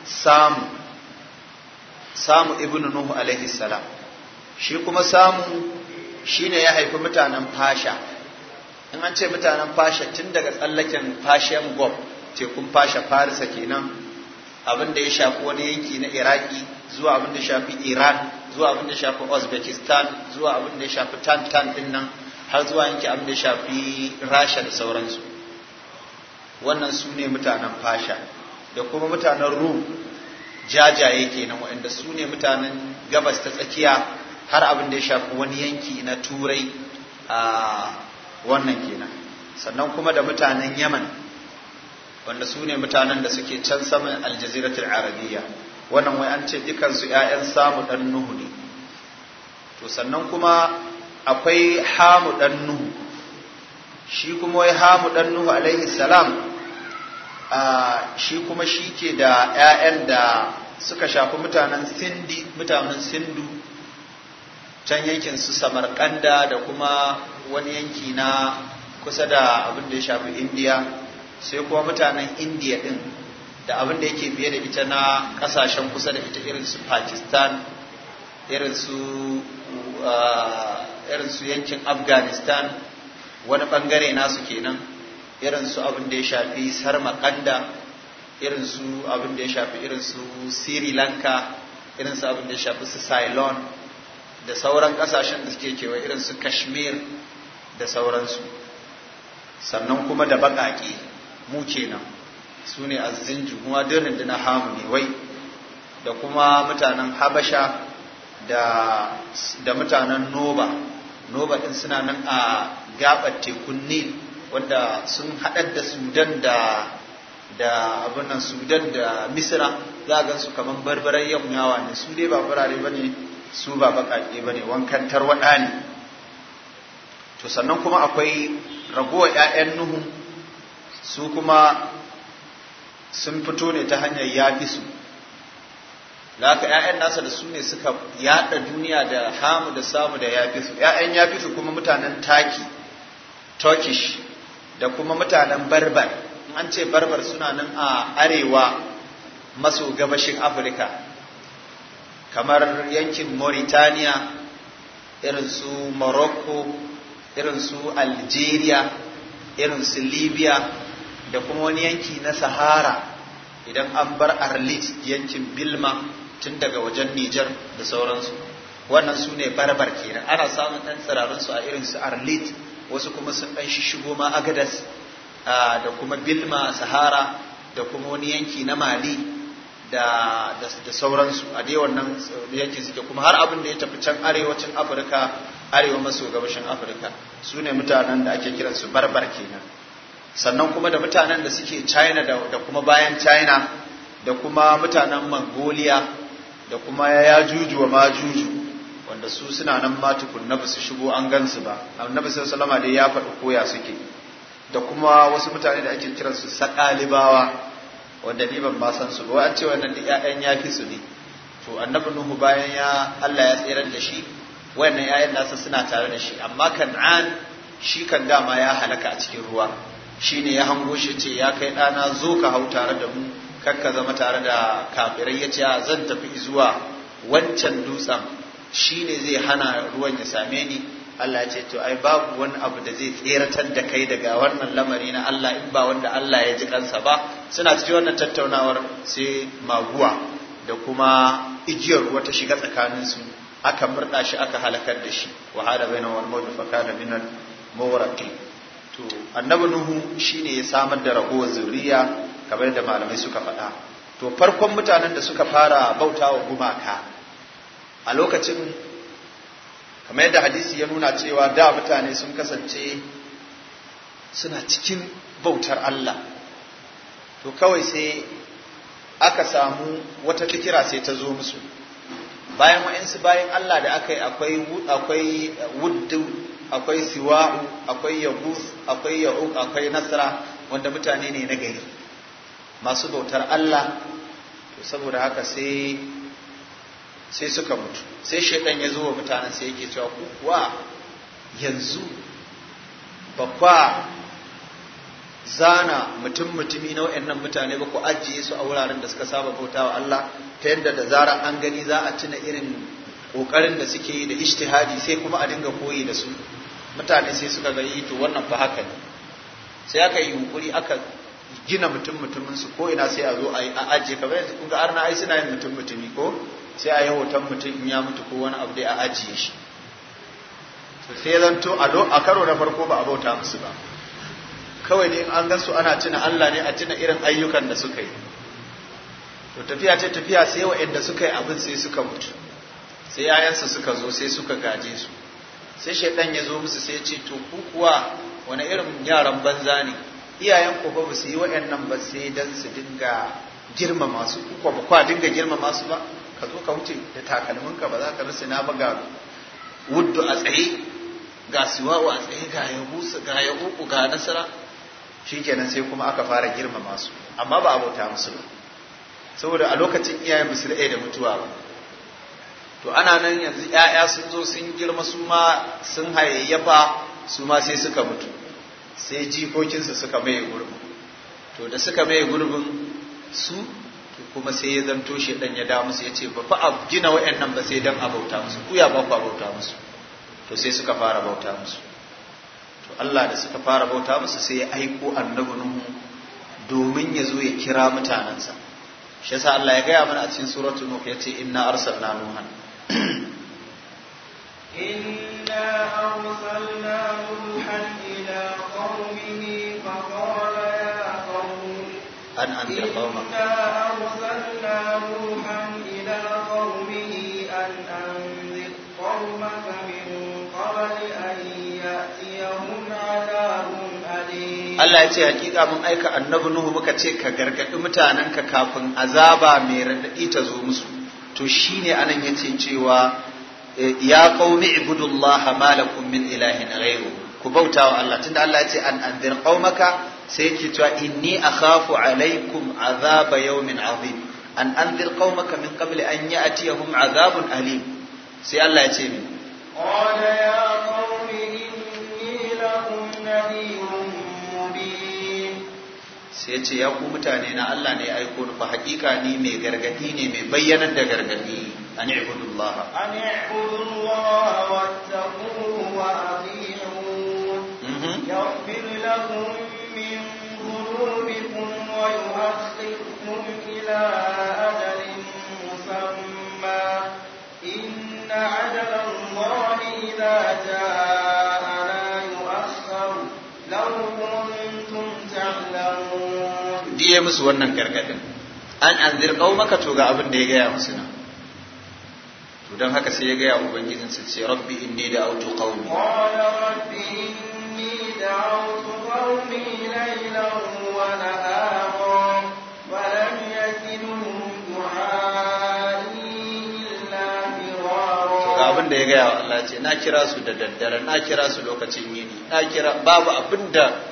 samu samu ibnu nuhu alaihi salam shi kuma samu ne ya haifi mutanen fasha in an ce mutanen fasha tun daga tsallaken fashen gob tekun fasha farisa kenan abin da ya shafi wani yanki na iraki zuwa abin da ya shafi iran zuwa abin da ya shafi uzbekistan zuwa abin da ya shafi tantan din nan har zuwa yanki abin da ya shafi rasha da sauransu wannan su ne mutanen fasha da kuma mutanen rum jajaye kenan waɗanda su ne mutanen gabas ta tsakiya har abin da ya shafi wani yanki na turai a wannan kenan sannan kuma da mutanen yaman wanda su ne mutanen da suke can saman aljaziratul arabiya wannan wai an ce dukansu 'ya'yan samu dan nuhu ne to sannan kuma akwai hamu dan nuhu shi kuma wai hamu dan nuhu alaihi salam shi kuma shi ke da 'ya'yan da suka shafi mutanen sindi mutanen sindu can yankin su samarkanda da kuma wani yanki na kusa da abin da ya shafi indiya sai kuma mutanen indiya din da abin da yake biye da ita na kasashen kusa da ita irin su pakistan irin su uh, irin su yankin afghanistan wani bangare nasu kenan irin su abin da ya shafi sarmakanda irin su abin da ya shafi irin su sri lanka irin su abin da ya shafi su ceylon da sauran kasashen da suke kewa irin su kashmir da sauransu sannan kuma da baƙaƙe mu kenan su ne azzinju kuma da na hamu ne wai da kuma mutanen habasha da, da mutanen noba noba ɗin suna nan a gaɓar tekun nil wanda sun haɗar da sudan da da abin sudan da misira za a su kamar barbaran yammawa ne su dai ba furare ba ne su ba baƙaƙe ba ne wankan tarwaɗa ne to sannan kuma akwai ragowar 'ya'yan nuhu su kuma sun fito ne ta hanyar yafi su da haka 'ya'yan nasa da su ne suka yada duniya da hamu da samu da yafi su 'ya'yan yafi su kuma mutanen taki turkish da kuma mutanen barbar an ce barbar suna nan a arewa maso gabashin afirka kamar yankin Mauritania irin su Morocco irin su Algeria irin su Libya da kuma wani yanki na Sahara idan an bar Arlit yankin Bilma tun daga wajen Nijar da sauransu wannan su ne barbar kenan ana samun ɗan su a irin su Arlit wasu kuma sun ɗan shigo ma Agadas ah, da kuma Bilma Sahara da kuma wani yanki na Mali da da sauransu a dai wannan yanki suke kuma har abin da ya tafi can arewacin Afirka arewa maso gabashin Afirka su ne mutanen da ake kiransu barbar kenan sannan kuma da mutanen da suke China da kuma bayan China da kuma mutanen Mongolia da kuma ya juju wa Majuju wanda su suna nan ma tukunna ba su shigo an gansu ba annabi sallallahu alaihi wasallam dai ya faɗi koya suke da kuma wasu mutane da ake kiransu sakalibawa wanda ni ban ma san su ba an ce wannan duk ƴaƴan fi su ne to annabi nuhu bayan ya Allah ya tsirar da shi wannan ƴaƴan nasa suna tare da shi amma kan'an shi kan dama ya halaka a cikin ruwa shine ya hango shi ce ya kai ɗana zo ka hau tare da mu kar ka zama tare da kafirai ya ce zan tafi zuwa wancan dutsen shine zai hana ruwan ya same ni Allah ya ce to ai babu wani abu da zai tseratar da kai daga wannan lamari na Allah in ba wanda Allah ya ji kansa ba suna cikin wannan tattaunawar sai maguwa da kuma igiyar wata shiga tsakanin su aka murda shi aka halakar da shi wa hada baina wal mawdu fa kana min al mawraqi to annabi nuhu shine ya samar da ragowar zuriya kamar da malamai suka faɗa to farkon mutanen da suka fara bautawa gumaka a lokacin kamar yadda hadisi ya nuna cewa da mutane sun kasance suna cikin bautar Allah to kawai sai aka samu wata fikira sai ta zo musu bayan wa'insu bayan Allah da aka yi akwai wuddu akwai siwa'u akwai yabu akwai ya'u akwai nasara wanda mutane ne na gari masu bautar Allah to saboda haka sai sai suka mutu sai shaidan ya zo wa mutanen sai yake cewa kuwa yanzu ba zana mutum mutumi na wayannan mutane ba ku ajiye su a wuraren da suka saba bautawa Allah ta yadda da zara an gani za a tuna irin kokarin da suke yi da ijtihadi sai kuma a dinga koyi da su mutane sai suka ga to wannan fa haka ne sai aka yi hukuri aka gina mutum mutumin su ko ina sai a zo a ajiye kamar yanzu kun ga arna ai suna yin mutum mutumi ko sai a yi hoton mutum in ya mutu ko wani abu dai a ajiye shi to sai zanto a karo na farko ba a bauta musu ba kawai ne in an gasu ana tuna Allah ne a tuna irin ayyukan da suka yi to tafiya ce tafiya sai wa'anda suka yi abin sai suka mutu sai yayansu suka zo sai suka gaje su sai shaidan ya zo musu sai ce to ku kuwa wani irin yaran banza ne iyayen ku ba su yi wa'annan ba sai dan su dinga girmama su ku ba kwa dinga girmama su ba ka zo ka wuce da takalminka ba za ka na ba ga wuddu a tsaye ga siwawu a tsaye ga yahusu ga yahuku ga nasara shikenan sai kuma aka fara girmama su amma ba abota musu ba saboda a lokacin iyayen musu da da mutuwa ba to ana nan yanzu ‘ya'ya sun zo sun girma su ma sun hayayyafa su ma sai suka mutu sai jikokinsu suka maye gurbin to da suka maye gurbin su kuma sai ya zanto shi dan ya da musu yace ba fa gina wayannan ba sai dan a bauta musu ku ya ba ku bauta musu to sai suka fara bauta musu to Allah da suka fara bauta musu sai ya aiko annabi Nuhu domin ya zo ya kira mutanansa shi yasa Allah ya gaya mana a cikin suratul nuh yace inna arsalna nuhan inna arsalna nuhan ila qaumi an an qauma arsalna ruhan ila qaumihi an anzir qaumaka min qabli an ya'tiyahum Allah ya ce hakika mun aika annabi Nuhu muka ce ka gargadi mutananka kafin azaba mai radadi ta zo musu to shine anan yace cewa eh, ya qaumi ibudullaha ma lakum min ilahin ghayru ku bautawa Allah tunda Allah ya ce an anzir qaumaka sai yake cewa inni akhafu alaikum azaba yawmin azim an anzir qaumaka min qabl an ya'tiyahum azabun alim sai Allah ya ce min qala ya qaumi inni lakum nadhirun mubin sai ce ya ku mutane na Allah ne ya aiko ni fa hakika ni mai gargadi ne mai bayyanar da gargadi an ibudullah an ibudullah wattaquhu wa ati'un mhm. yaghfir lakum بكم ويؤخركم wannan gargadin an anzir qaumaka to ga abin da ya gaya musu na to dan haka sai ya gaya ubangijin su ce rabbi inni da'awtu qaumi da ya gaya wa Allah ce na kira su da daddare na kira su lokacin yini na kira babu abinda,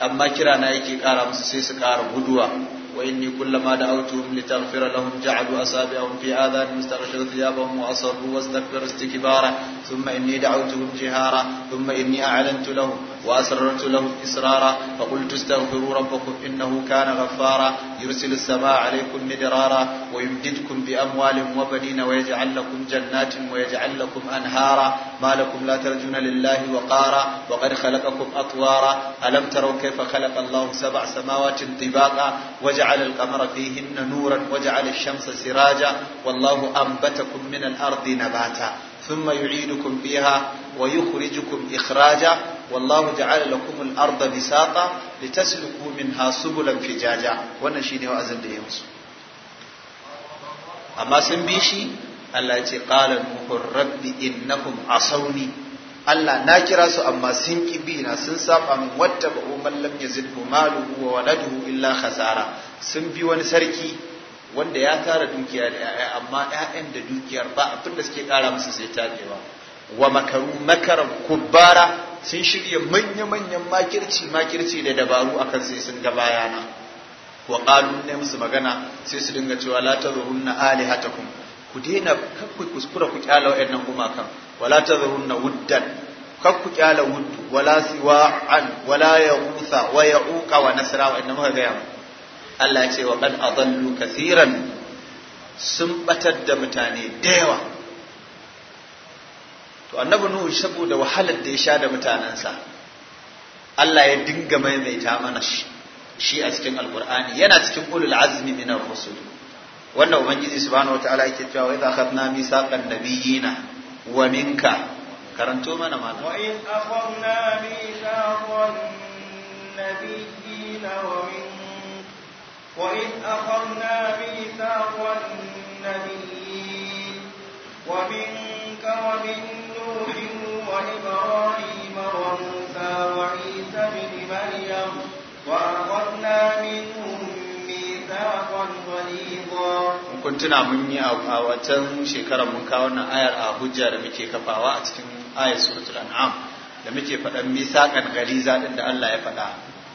amma kira na yake kara musu sai su kara guduwa وإني كلما دعوتهم لتغفر لهم جعلوا أصابعهم في آذانهم استغشوا ثيابهم وأصروا واستكبروا استكبارا ثم إني دعوتهم جهارا ثم إني أعلنت لهم وأسررت لهم إسرارا فقلت استغفروا ربكم إنه كان غفارا يرسل السماء عليكم مدرارا ويمددكم بأموال وبنين ويجعل لكم جنات ويجعل لكم أنهارا ما لكم لا ترجون لله وقارا وقد خلقكم أطوارا ألم تروا كيف خلق الله سبع سماوات طباقا وجعل القمر فيهن نورا وجعل الشمس سراجا والله أنبتكم من الأرض نباتا ثم يعيدكم فيها ويخرجكم إخراجا والله جعل لكم الأرض بساطا لتسلكوا منها سبلا فجاجا ونشيني وأزل يمسو أما سنبيشي التي قال نوح رب إنهم عصوني Allah na kira su amma sun ƙi na sun saba min wata ba'u mallam ya zidhu maluhu wa waladuhu illa khasara sun bi wani sarki wanda ya tara dukiya da ‘ya'ya amma ‘ya'yan da dukiyar ba abin da suke ƙara musu sai taɓewa wa makaru makaran kubbara sun shirya manya-manyan makirci makirci da dabaru akan sai sun ga bayana wa ƙalu ne musu magana sai su dinga cewa la na Ali alihatakum ku daina kan ku kuskura ku kyala wa'annan gumakan wala ta na wuddan kan ku kyala wuddu wala an wala ya wa uka wa nasra wa'annan muka gaya? Allah ya ce wa kan adallu kathiran sun batar da mutane da yawa to annabi nuhu saboda wahalar da ya sha da mutanensa Allah ya dinga maimaita mana shi a cikin alqur'ani yana cikin ulul azmi min ar-rusul wannan ubangiji subhanahu wataala yake cewa wa idha akhadna misaqan nabiyina wa minka karanto mana ma wa idha akhadna misaqan nabiyina wa minka وإذ أخذنا ميثاق النبيين ومنك ومن نوح وإبراهيم وموسى وعيسى بن مريم وأخذنا منهم ميثاقا غليظا kun tuna mun yi a watan shekarar mun kawo wannan ayar a hujja da muke kafawa a cikin ayar suratul an'am da muke faɗan misaqan galiza din da Allah ya faɗa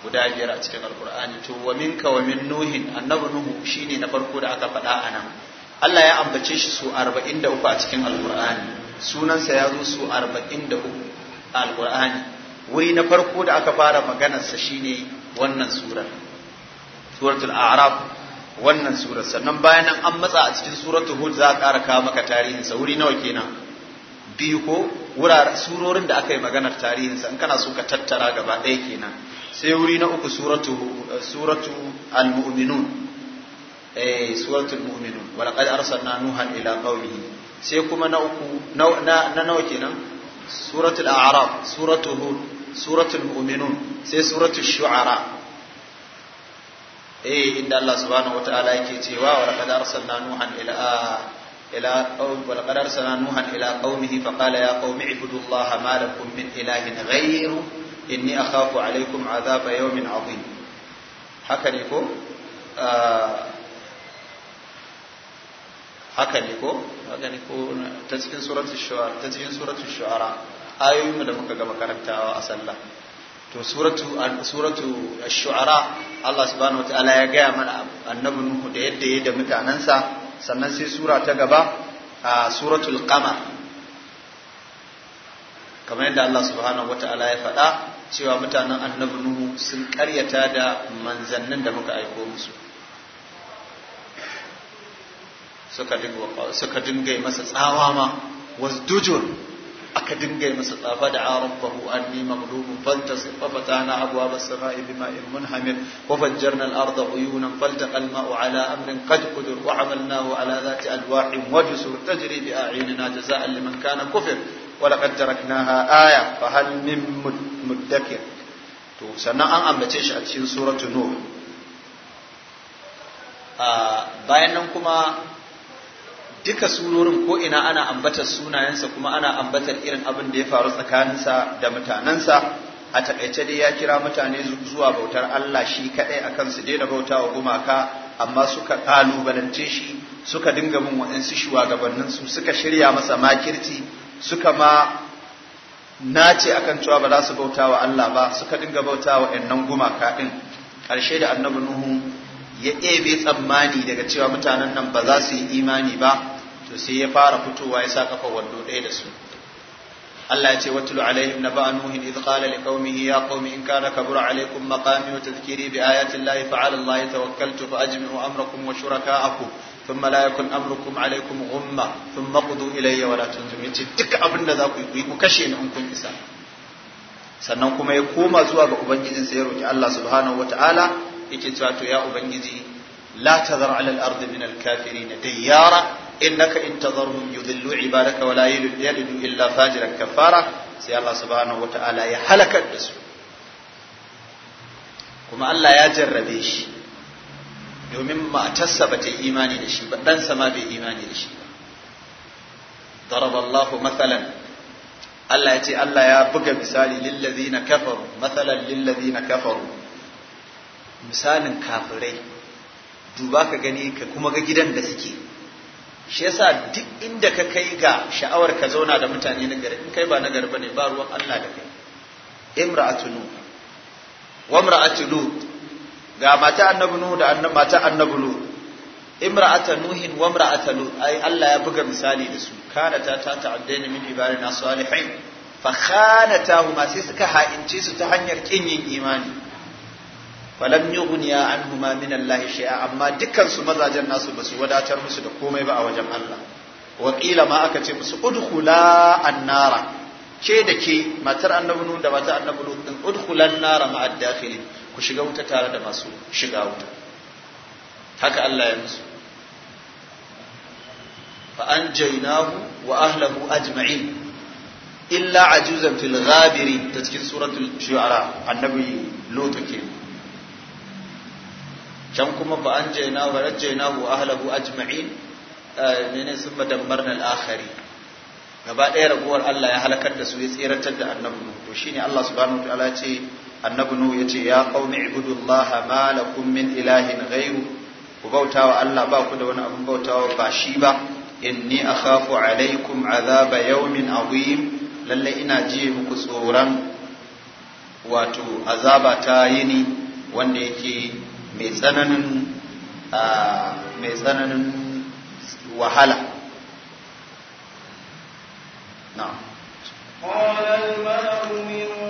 guda biyar a cikin alkur'ani to wa minka wa min nuhin annabi nuhu shine na farko da aka faɗa a nan Allah ya ambace shi su 43 a cikin alkur'ani sunansa ya zo su 43 a alkur'ani wuri na farko da aka fara maganarsa shine wannan surar suratul a'raf wannan surar sannan bayan nan an matsa a cikin suratul hud za a ƙara kawo maka tarihinsa wuri nawa kenan biyu ko wurare surorin da aka yi maganar tarihinsa in kana so ka tattara gaba ɗaya kenan sai wuri na uku suratu eh, al-mu'minun eh al-mu'minun wa laqad arsalna ila qaumihi sai kuma na uku na na nawa kenan al-a'raf suratu hud suratu muminun sai suratu shu'ara eh inda Allah subhanahu wataala yake cewa wa laqad arsalna nuhan ila إلى قوم ولقد أرسلنا نوحا إلى قومه فقال يا قوم اعبدوا الله inni akhafu alaikum azaba yawmin azim haka ne ko ah, haka ne ko haka ne ko ta cikin suratul shu'ara ta cikin suratul shu'ara ayoyin da muka gama karantawa a sallah to suratu suratu ash-shu'ara Allah subhanahu wataala ya gaya mana annabi Nuhu da yadda ya da mutanansa sannan sai sura ta gaba a suratul qamar kamar yadda Allah subhanahu wataala ya faɗa cewa mutanen annabi nuhu sun karyata da manzannin da muka aiko musu suka dinga masa tsawa ma wasdujur aka dinga masa tsafa da arabbahu anni maghlubun fantasir fa fatana abwaab as-samaa'i bima'in munhamir wa fajjarna al-ardha uyunan faltaqa al-ma'u ala amrin qad qudir wa 'amalnahu ala zati alwahin wa jusur tajri bi a'yunina jazaa'an liman kana kufir walaqad taraknaha aya fa hal min muddakir to sannan an ambace shi a cikin suratul nur a bayan nan kuma duka surorin ko ina ana ambatar sunayensa kuma ana ambatar irin abin da ya faru tsakaninsa da mutanansa. a takaice dai ya kira mutane zuwa bautar Allah shi kadai akan su daina bauta wa gumaka amma suka kalubalance shi suka dinga bin waɗansu shugabannin su suka shirya masa makirci suka ma nace akan cewa ba za su bauta wa Allah ba suka dinga bauta wa ƴannan gumaka ɗin ƙarshe da annabi Nuhu ya ɗebe tsammani daga cewa mutanen nan ba za su yi imani ba to sai ya fara fitowa ya sa kafa wando ɗaya da su Allah ya ce watulu alaihim ba'a nuhin idh qala qaumihi ya qaumi in kana kabura alaikum maqami wa tadhkiri bi ayati llahi fa llahi tawakkaltu fa ajmi'u amrakum wa shuraka'akum thumma la yakun amrukum alaikum ghumma thumma qudu ilayya wa la tunzum yace duk abin da za ku yi ku kashe na in kun isa sannan kuma ya koma zuwa ga ubangijin sa ya roki Allah subhanahu wataala yake cewa to ya ubangiji la tazar ala al-ard na al-kafirin dayyara innaka in tadharhum yudillu ibadaka wa la yalidu illa fajiran kafara sai Allah subhanahu wataala ya halakar da su kuma Allah ya jarrabe shi domin matarsa ba ta yi imani da shi ba ɗansa ma bai imani da shi ba daraballahu matsalan Allah ya ce Allah ya buga misali lillazina kafaru matsalan na kafaru misalin kafirai duba ka gani ka kuma ga gidan da suke shi yasa duk inda ka kai ga sha'awar ka zauna da mutane na gari in kai ba na gari bane ba ruwan Allah da kai imra'atu nuh wa imra'atu lut ga mata annabi nuhu da mata annabi nuhu imra'ata nuhin wa imra'ata lut ai Allah ya buga misali da su kana ta ta ta'addaina min ibadina salihin fa khanatahuma sai suka ha'ince su ta hanyar kin yin imani falam yughniya anhuma min Allah shay'a amma dukkan su mazajen nasu basu wadatar musu da komai ba a wajen Allah wa qila ma aka ce musu udkhula annara ke da ke matar annabi da mata annabi din udkhulan nara ma'ad dakhilin ku shiga wuta tare da masu shiga wuta haka Allah ya musu fa anjaynahu wa ahlahu ajma'in illa ajuzan fil ghabiri ta cikin suratul shu'ara annabi lutu ke can kuma fa anjaynahu wa rajaynahu wa ahlahu ajma'in eh, menene sun madammarna al gaba ɗaya raguwar Allah ya halakar da su ya tseratar da annabi to shine Allah subhanahu ce annabi nuhu yace ya qaumi ibudullaha ma lakum min ilahin ghairu ku bautawa Allah ba ku da wani abin bautawa ba shi ba inni akhafu alaikum azaba yawmin azim lalle ina ji muku tsoron wato azaba ta yini wanda yake mai tsananin mai tsananin wahala na'am قال الملأ من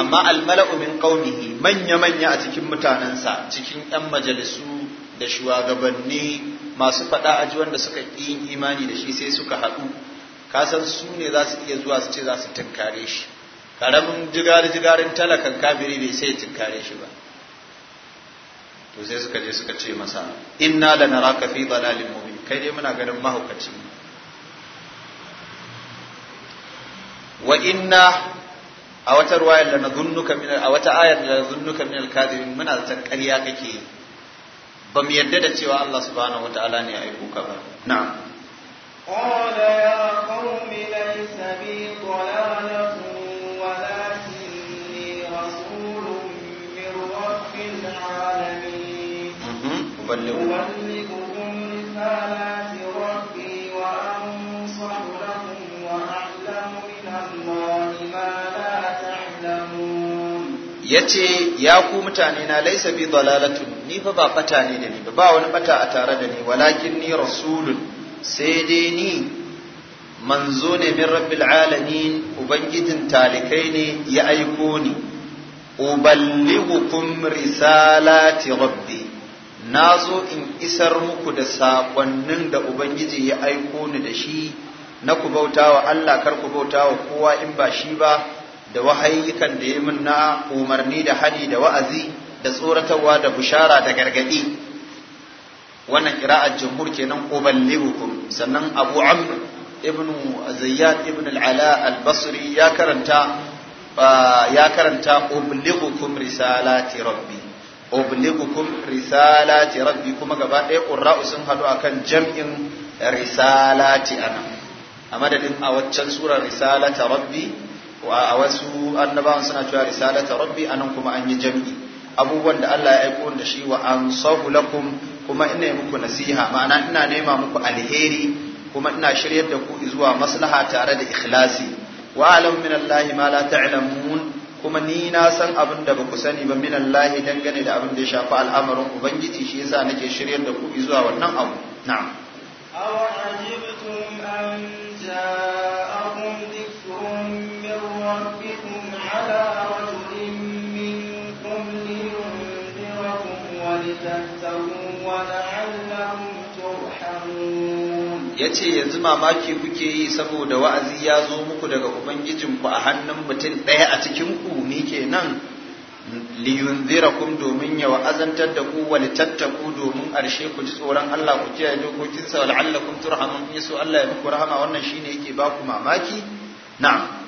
amma almala'u min qaumihi manya manya a cikin mutanensa cikin ɗan majalisu da shugabanni masu faɗa a wanda suka ƙi yin imani da shi sai suka haɗu kasan su ne za su iya zuwa su ce za su tinkare shi karamin jigari-jigarin talakan kafiri bai sai tinkare shi ba to sai suka je suka ce masa inna da na raka fi dalalin mubin kai dai muna ganin mahaukaci wa inna a wata ruwayar da na zunnuka min a wata ayar da na zunnuka min al-kadhibin muna da ƙarya kake ba mu yarda da cewa Allah subhanahu wataala ne ya aiko ka ba na'am qala ya qaumi laysa bi rasulun min rabbil alamin mhm. yace ya ku mutane na laisa bi dalalatun ni fa ba bata ne da ni ba wani bata a tare da ni walakin ni rasulun sai dai ni manzo ne min rabbil alamin ubangijin talikai ne ya aiko ni uballighukum risalati rabbi na zo in isar muku da saƙonnin da ubangiji ya aiko ni da shi na ku bautawa Allah kar ku bauta kowa in ba shi ba da wahayikan da yi min na umarni da hadi da wa'azi da tsoratarwa da bushara da gargadi wannan qira'ar jumhur kenan hukum. sannan Abu Amr ibn Zayyad ibn al al-Basri ya karanta ya karanta uballighukum risalati rabbi risala risalati rabbi kuma gaba ɗaya qurra'u sun hadu akan jam'in risalati ana a madadin a waccan surar risalata rabbi wa a wasu annabawan suna cewa risalata rabbi anan kuma an yi jam'i abubuwan da Allah ya aiko da shi wa an sahu lakum kuma ina yi muku nasiha ma'ana ina nema muku alheri kuma ina shiryar da ku zuwa maslaha tare da ikhlasi wa alam min Allah ma la ta'lamun kuma ni na san abin da baku sani ba min Allah dangane da abin da ya shafi al'amarin ubangiji shi yasa nake shiryar da ku zuwa wannan abu na'am aw ajibtum an ja'akum dhikrun ربكم على رجل yace yanzu mamaki kuke yi saboda wa'azi ya zo muku daga ku a hannun mutum ɗaya a cikin ku ni kenan liyunzirakum domin ya wa'azantar da ku wani tattaku domin arshe ku ji tsoron Allah ku kiyaye dokokinsa wal allakum turhamun yaso Allah ya muku rahama wannan shine yake baku mamaki na'am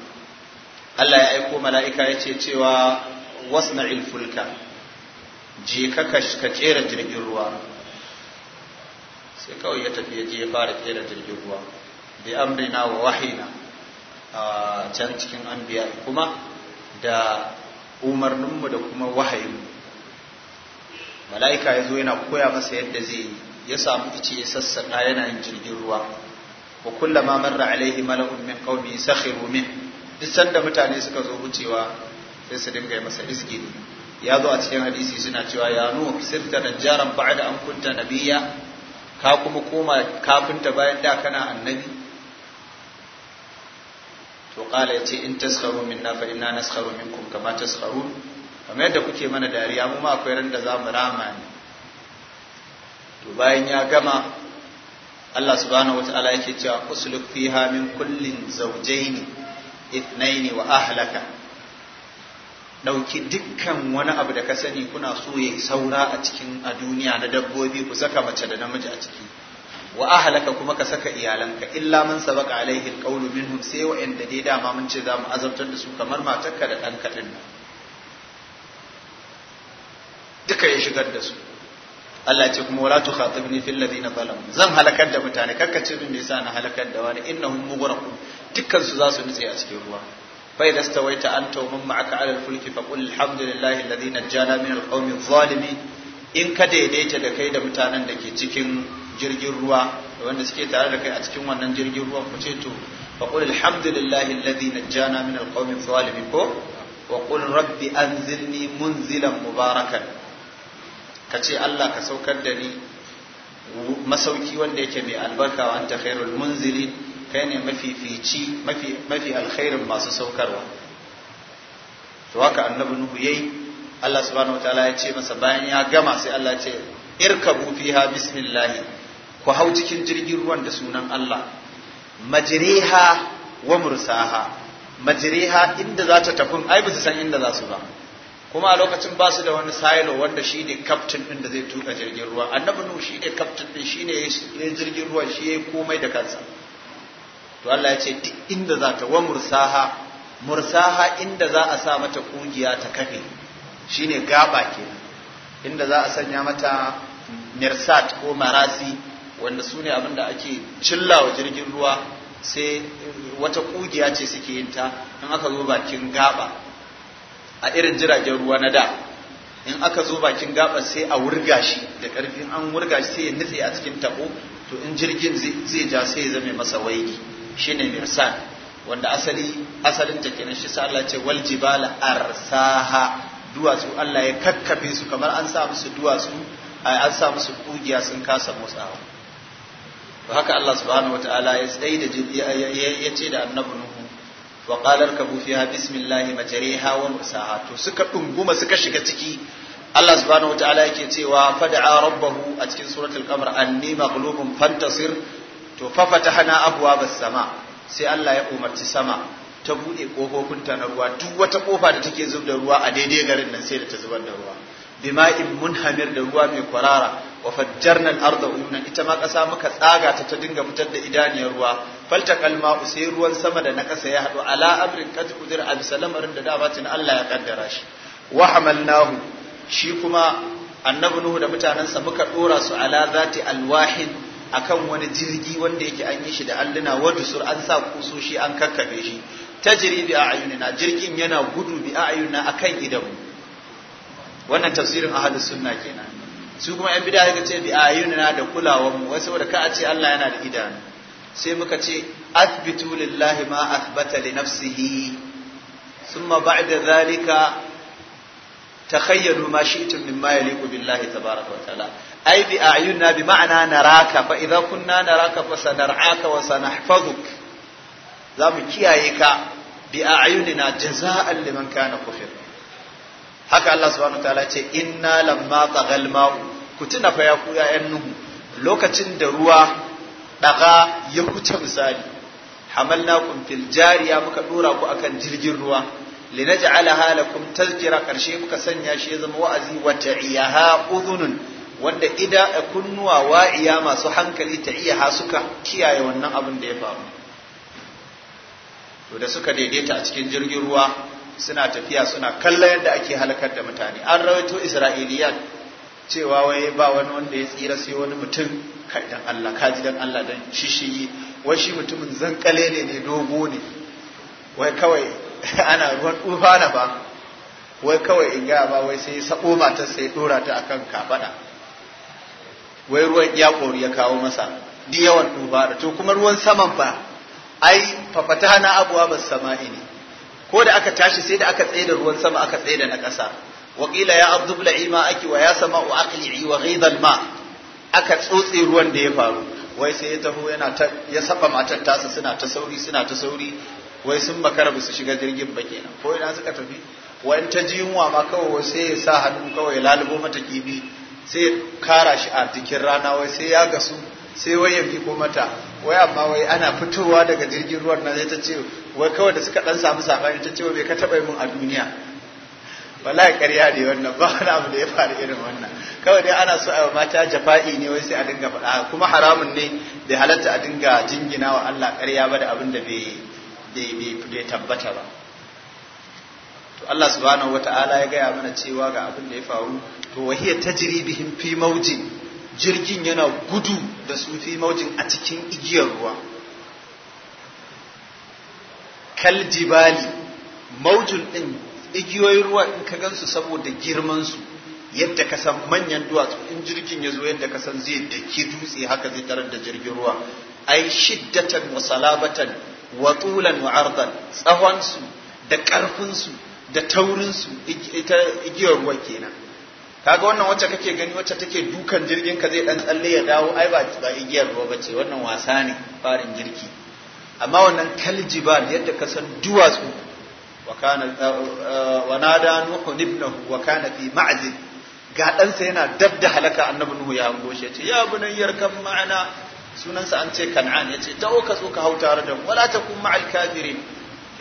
Allah ya aiko mala'ika ya ce cewa wasna'il ilfulka je ka kera jirgin ruwa sai kawai ya tafi ya je ya fara kera jirgin ruwa bai amrina wa wahina a can cikin anbiya kuma da umarninmu da kuma wahayinmu mala'ika ya zo yana koya masa yadda zai yi ya samu ice ya sassaƙa yana yin jirgin ruwa wa kullum marra alaihi mala'un min qaumi sakhiru min duk sanda mutane suka zo wucewa sai su dinga yi masa iski, ya zo a cikin hadisi suna cewa ya nu sirta najjaran ba'da an kunta nabiyya ka kuma koma kafinta bayan da kana annabi to ya yace in tasharu minna fa inna naskharu minkum kama tasharun kamar yadda kuke mana dariya mu ma akwai ran da za mu rama ne to bayan ya gama Allah subhanahu wataala yake cewa usluk fiha min kullin zawjaini ithnaini wa ɗauki dukkan wani abu da ka sani kuna so ya saura a cikin a duniya na dabbobi ku saka mace da namiji a ciki wa ahlaka kuma ka saka iyalanka illa man sabaka alaihi alqawlu minhum sai wa'anda dai dama mun ce za mu azabtar da su kamar matarka da ɗan kaɗin nan duka ya shigar da su Allah ce kuma wala tukhatibni fil ladina zalamu zan halakar da mutane karka ce min me yasa na halakar da wani innahum mughraqun dukkan su za su nutse a cikin ruwa fa idza stawaita anta wa man ma'aka 'ala al-fulki fa qul alhamdulillahi alladhi najjana min al-qawmi adh-dhalimin in ka daidaita da kai da mutanen da ke cikin jirgin ruwa da wanda suke tare da kai a cikin wannan jirgin ruwan ku ce to fa qul alhamdulillahi alladhi najjana min al-qawmi adh-dhalimin ko wa qul rabbi anzilni munzilan mubarakan Ka ce Allah ka saukar da ni masauki wanda yake mai albarka wa anta khairul munzilin kai ne fici mafi mafi alkhairin masu saukarwa to haka annabi nuhu yayi Allah subhanahu wataala ya ce masa bayan ya gama sai Allah ya ce irkabu fiha bismillah ku hau cikin jirgin ruwan da sunan Allah majriha wa mursaha majriha inda za ta tafi ai bisa san inda za su ba kuma a lokacin ba su da wani silo wanda shi ne kaftin ɗin da zai tuka jirgin ruwa annabi nuhu shi ne kaftin ɗin shi ne jirgin ruwa shi ya komai da kansa to Allah ya ce duk inda za ta wa mursaha mursaha inda za a sa mata kugiya ta kafe shine gaba ke. inda za a sanya mata mirsat ko marasi wanda su ne abin da ake cillawa jirgin ruwa sai wata kugiya ce suke yin ta in aka zo bakin gaba a irin jiragen ruwa na da in aka zo bakin gaba sai a wurga shi da karfin an wurga shi sai ya nutse a cikin tabo to in jirgin zai ja sai ya zame masa waigi shine mirsan wanda asali asalin ta kenan shi sa Allah ce wal jibala arsaha duwatsu Allah ya kakkafe su kamar an sa musu duwatsu an sa musu kugiya sun kasa motsawa to haka Allah subhanahu wataala ya tsaye da ya ce da annabi nuhu wa qala arkabu fiha bismillahi majriha wa mursaha to suka dunguma suka shiga ciki Allah subhanahu wataala yake cewa fad'a rabbahu a cikin suratul qamar anni maghlubun fantasir to ta hana abuwa ba sama sai Allah ya umarci sama ta buɗe ta na ruwa duk wata ƙofa da take zub da ruwa a daidai garin nan sai da ta zubar da ruwa bima'in munhamir da ruwa mai kwarara wa fajjarnal arda umna ita ma ƙasa muka tsaga ta ta dinga fitar da idaniyar ruwa falta kalma sai ruwan sama da na ƙasa ya haɗu ala amrin qad qudir a bisa lamarin da dama tun Allah ya kaddara shi wa hamalnahu shi kuma annabi nuhu da mutanansa muka dora su ala zati alwahid akan wani jirgi wanda yake an yi shi da alluna wa sur an sa kusoshi an kakkafe shi tajri bi a'yunina jirgin yana gudu bi a'yunina akan idan wannan tafsirin ahlus sunna kenan su kuma yan bid'a suka ce bi a'yunina da kulawar mu wai saboda ka a ce Allah yana da idanu sai muka ce athbitu lillahi ma athbata li nafsihi thumma ba'da dhalika takhayyalu ma shi'tum mimma yaliqu billahi tabaaraka wa ta'ala ai bi a'yunna bi ma'ana naraka fa idza kunna naraka fa sanar'aka wa sanahfazuk za mu kiyaye ka bi a'yunina jaza'an liman kana kufir haka Allah subhanahu wa ta'ala ce inna lamma taghal ma'u ku fa ya ya'yan nuhu lokacin da ruwa daga ya huce misali hamalnakum fil jariya muka dora ku akan jirgin ruwa linaj'alaha lakum tazkira karshe muka sanya shi ya zama wa'azi wa ta'iyaha udhunun wanda ida a eh, kunnuwa wa'iya masu hankali ta iya hasuka kiyaye wannan abin da ya faru to da suka daidaita a cikin jirgin ruwa suna tafiya suna kallon yadda ake halakar da mutane an rawaito isra'iliya cewa wai ba wani wanda ya tsira sai wani mutum kaidan dan Allah kaji dan Allah dan shishiyi wai shi mutumin zankale ne ne dogo ne wai kawai ana ruwan tsufa na ba wai kawai in ga ba wai sai sabo matar sai dora ta akan kafada wai ruwan iya ya kawo masa di yawan tufa da to kuma ruwan saman ba ai fafata na abuwa ba sama'i ne ko da aka tashi sai da aka tsaye da ruwan sama aka tsaye da na ƙasa waƙila ya abdub la'ima aki wa ya sama sama'u aqli'i wa ghidal ma aka tsotse ruwan da ya faru wai sai ya taho yana ta ya saba matar tasa suna ta sauri suna ta sauri wai sun makara su shiga jirgin ba kenan ko ina suka tafi wani ta ji yunwa ma kawai sai ya sa hannu kawai lalubo mata kibi sai ya kara shi a jikin rana wai sai ya gasu sai wai ya miko mata wai amma wai ana fitowa daga jirgin ruwan nan sai ta ce wai kawai da suka dan samu safari ta ce wai bai ka taba mun a duniya wallahi ƙarya ne wannan ba wani abu da ya faru irin wannan kawai dai ana so a mata jafa'i ne wai sai a dinga faɗa kuma haramun ne bai halatta a dinga jingina wa Allah karya ba da abin da bai tabbata ba to Allah subhanahu wata'ala ya gaya mana cewa ga abin da ya faru to wahiya tajri bihim fi maujin jirgin yana gudu da su fi maujin a cikin igiyar ruwa kal jibali maujin din igiyoyin ruwa in ka gansu saboda girman su yadda ka san manyan duwatsu in jirgin ya zo yadda ka san zai daki dutse haka zai tarar da jirgin ruwa ai shiddatan wa salabatan wa tulan wa ardan tsawon su da karfin su da taurin su ita igiyar ruwa kenan kaga wannan wacce kake gani wacce take dukan jirgin ka zai dan tsalle ya dawo ai ba ba igiyar ruwa bace wannan wasa ne farin jirki amma wannan kaljibal yadda ka san duwatsu wa kana eh, eh, wa nada nuhu ibnahu wa kana fi ma'zil ga ɗansa yana dab da halaka annabi nuhu ya hango shi yace ya bunayyar kan ma'ana sunansa an ce kan'an yace tawo ka zo ka hau tare da mu wala takun ma'al kafirin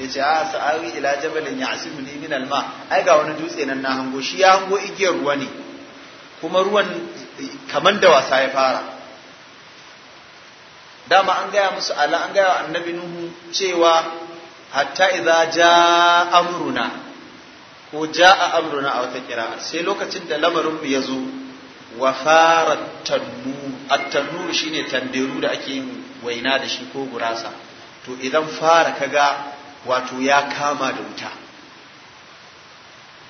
ce a ah, sa'awi ila jabalin ni min alma ai ga wani dutse nan na hango shi ya hango igiyar ruwa ne kuma ruwan kamar da wasa ya fara dama an gaya musu ala an gaya annabi nuhu cewa hatta idza jaa amruna ko jaa amruna a wata kira sai lokacin da lamarin mu ya zo wa fara tannur at-tannur shine tanderu da ake yin waina da shi ko gurasa to idan fara kaga wato ya kama da wuta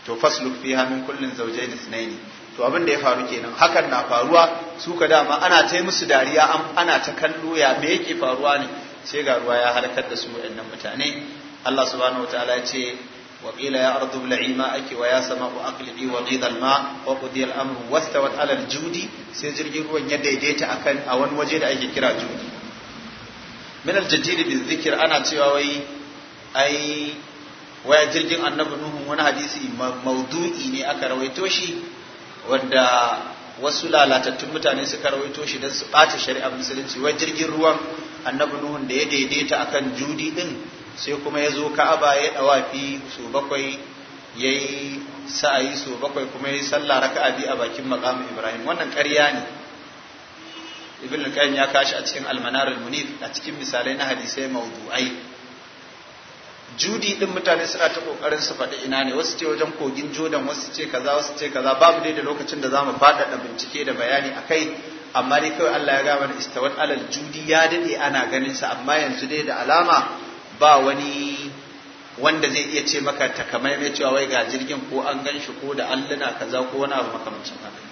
to fasluk fiha min kullin zawjayn ithnayn to abin da ya faru kenan hakan na faruwa su ka dama ana ta musu dariya ana ta kallo ya me yake faruwa ne sai ga ruwa ya harkar da su waɗannan mutane Allah subhanahu wataala ya ce wa qila ya ardu bla'i ma'aki wa ya sama'u aqlibi wa ghidha al wa qudiya al-amru wastawat 'ala al-judi sai jirgin ruwan ya daidaita akan a wani waje da ake kira judi min al-jadid bi ana cewa wai ai waya jirgin annabi nuhu wani hadisi maudu'i ne aka rawaito shi wanda wasu lalatattun mutane suka rawaito shi don su ɓata shari'ar musulunci wai jirgin ruwan annabi nuhun da ya daidaita akan judi ɗin, sai kuma ya zo ka'aba ya ɗawafi so bakwai ya yi sa'ayi so bakwai kuma ya yi sallah raka'a bi a bakin maqam ibrahim wannan karya ne ibn qayyim ya kashi a cikin al munif a cikin misalai na hadisai maudu'ai judi din mutane suna ta kokarin su faɗi ina ne wasu ce wajen kogin jodan wasu ce kaza wasu ce kaza babu dai da lokacin da zamu faɗaɗa bincike da bayani akai amma dai kawai Allah ya gama da istawat alal judi ya daɗe ana ganin sa amma yanzu dai da alama ba wani wanda zai iya ce maka takamaimai cewa wai ga jirgin ko an gan shi ko da alluna kaza ko wani abu makamancin haka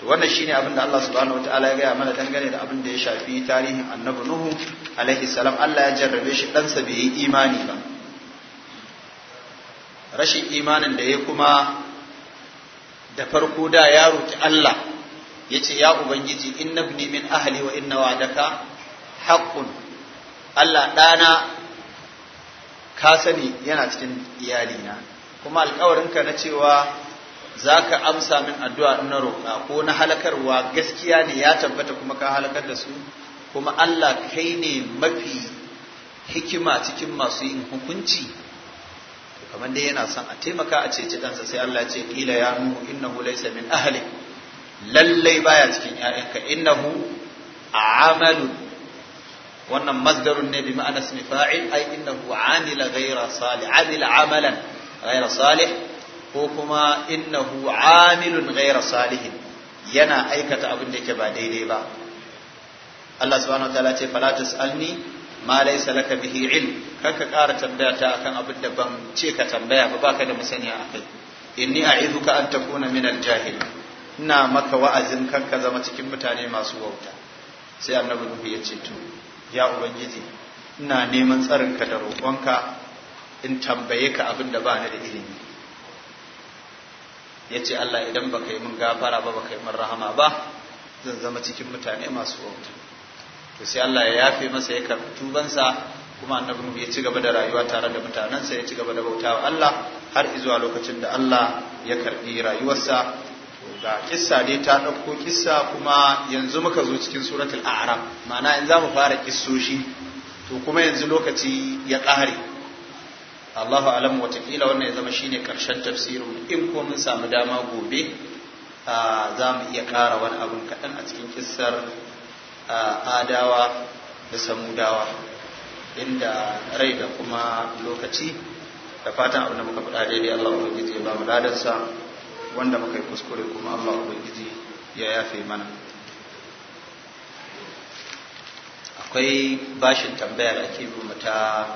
to wannan shine abin da Allah subhanahu wataala ya gaya mana dangane da abin da ya shafi tarihin annabi nuhu alaihi Allah ya jarrabe shi dan sa bai yi imani ba rashin imanin da ya kuma da farko da ya roki Allah ya ce ya ubangiji inna ibni min ahli wa inna wa'adaka haqqun Allah ɗana ka sani yana cikin iyalina kuma alkawarinka na cewa za ka amsa min addu'a na roƙa ko na halakarwa gaskiya ne ya tabbata kuma ka halakar da su kuma Allah kai ne mafi hikima cikin masu yin hukunci kamar dai yana son a taimaka a ceci ɗansa sai Allah ce kila ya nuhu innahu laysa min ahli lallai baya cikin ƴaƴanka innahu Amalu. wannan masdarun ne bi ma'ana ismi fa'il ai innahu amila ghayra salih amila amalan ghayra salih ko kuma innahu amilun ghayra salihin yana aikata abin da yake ba daidai ba Allah subhanahu wa ta'ala ce fala tasalni ma laysa laka bihi ilm kanka ƙara tambaya ta akan abin da ban ce ka tambaya ba baka da musaniya akai inni a'idhuka an takuna min al-jahil ina maka wa'azin kan ka zama cikin mutane masu wauta sai annabi nuhu ya ce to ya ubangiji ina neman tsarin ka da roƙonka in tambaye ka abin da ba ni da ilimi ya ce Allah idan baka yi min gafara ba baka yi min rahama ba zan zama cikin mutane masu wauta to sai Allah ya yafe masa ya karɓi tubansa kuma annabi ya ci gaba da rayuwa tare da mutanensa ya ci gaba da bautawa Allah har zuwa lokacin da Allah ya karɓi rayuwarsa ga kissa dai ta ɗauko kissa kuma yanzu muka zo cikin suratul a'raf ma'ana in za mu fara kissoshi to kuma yanzu lokaci ya ƙare Allahu alam watakila wannan ya zama shine karshen tafsirin in ko mun samu dama gobe za mu iya ƙara wani abun kaɗan a cikin kissar A adawa da samudawa inda rai da kuma lokaci da fatan abin da muka faɗa daidai Allah ubangiji ya ba mu ladansa wanda muka yi kuskure kuma Allah ubangiji ya yafe mana akwai bashin tambayar da ake bi ta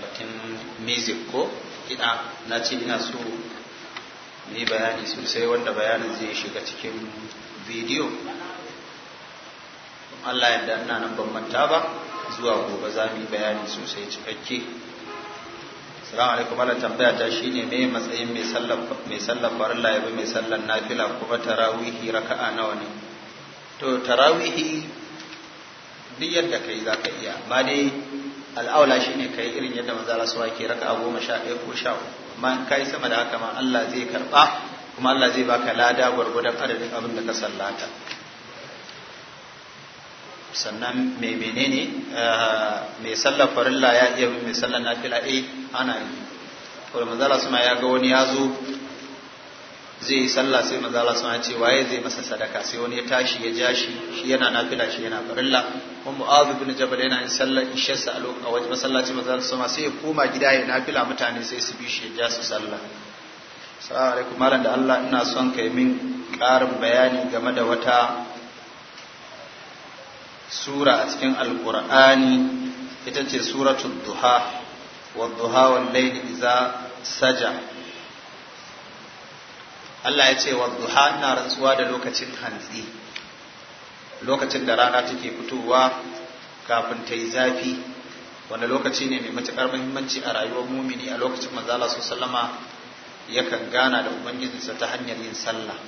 batun music ko kiɗa na ce ina so ni bayani sosai wanda bayanin zai shiga cikin bidiyo Allah yadda ina nan ban manta ba zuwa gobe za mu yi bayani sosai cikakke assalamu alaikum wannan tambaya ta shine me matsayin mai sallar mai sallar farilla yabi mai sallar nafila kuma tarawihi raka'a nawa ne to tarawihi duk yadda kai za ka iya ba dai al'aula shine kai irin yadda manzo Allah suwa ke raka'a goma sha ɗaya ko sha amma in kai sama da haka ma Allah zai karba kuma Allah zai baka lada gwargwadon adadin abin da ka sallata sannan mai menene eh, mai sallar farilla ya iya mai sallar nafila eh ana yi kuma manzala suna ya ga wani ya zo zai yi sallah sai manzala suna ce waye zai masa sadaka sai wani ya tashi ya ja shi shi yana nafila shi yana farilla kuma mu'azu bin jabal yana yin sallar isharsa a wajen masallaci manzala suna sai ya koma gida ya nafila mutane sai su bi shi ya ja su sallah salamu alaikum malam da Allah ina son kaimin min ƙarin bayani game da wata sura a cikin alkur'ani ita ce suratul duha wadduha wal layli iza saja Allah ya ce wa duha na rantsuwa da lokacin hantsi lokacin da rana take fitowa kafin ta yi zafi wanda lokaci ne mai matuƙar muhimmanci a rayuwar mumini a lokacin manzala sallama yakan gana da ubangijinsa ta hanyar yin sallah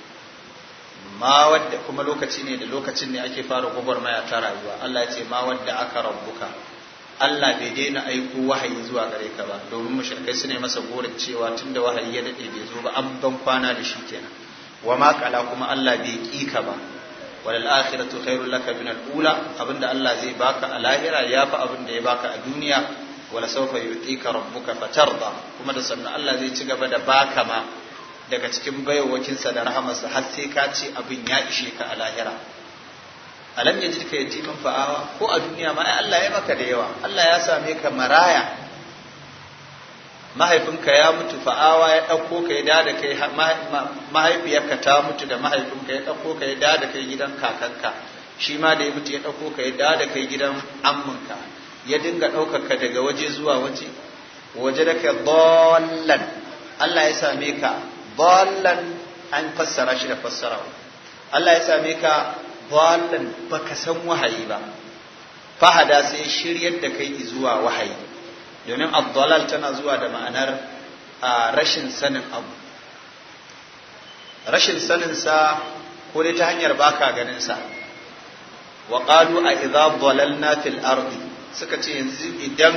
ma wadda kuma lokaci ne da lokacin ne ake fara gubar maya ta rayuwa Allah ya ce ma wadda aka rabbuka Allah bai daina aiko wahayi zuwa gare ka ba domin mushrikai su ne masa gorin cewa tun da wahayi ya dade bai zo ba an ban kwana da shi kenan wa ma kala kuma Allah bai ki ka ba walal akhiratu khairul laka min al ula abinda Allah zai baka a lahira yafi abin da ya baka a duniya wala sawfa yu'tika rabbuka fatarda kuma da sannan Allah zai ci gaba da baka ma daga cikin bayowakinsa da rahamarsa har sai ka ce abin ya ishe ka a lahira alam ya jirka ya timin fa'awa ko a duniya ma ai Allah ya maka da yawa Allah ya same ka maraya mahaifinka ya mutu fa'awa ya ɗauko ka ya dada kai mahaifiyarka ta mutu da mahaifinka ya ɗauko ka ya dada kai gidan kakanka shi ma da ya mutu ya ɗauko ka ya dada kai gidan amminka ya dinga ɗaukaka daga waje zuwa waje waje da ka Allah ya same ka ballan an fassara shi da fassara Allah ya same ka ballan baka san wahayi ba fahada sai shiryar da kai zuwa wahayi domin abdalal tana zuwa da ma'anar rashin sanin abu rashin saninsa ko dai ta hanyar baka ganinsa wa qalu a idza dalalna fil ardi suka ce yanzu idan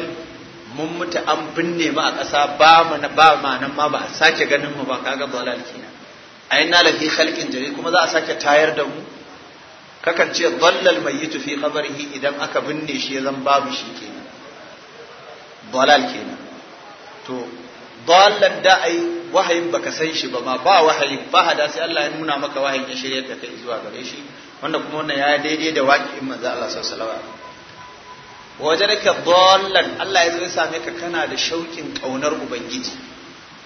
mun mutu an binne mu a ƙasa ba mu ba ma nan ma ba a sake ganin mu ba kaga dalal kenan a ina lafi khalqin jari kuma za a sake tayar da mu kakan ce dallal mayitu fi qabrihi idan aka binne shi zan babu shi kenan dalal kenan to dalal da ai wahayin baka san shi ba ma ba wahayin ba hada sai Allah ya nuna maka wahayin ya shirye da kai zuwa gare shi wanda kuma wannan ya daidai da waƙi'in manzo Allah sallallahu alaihi wasallam waje da dallan Allah ya zai same ka kana da shaukin ƙaunar Ubangiji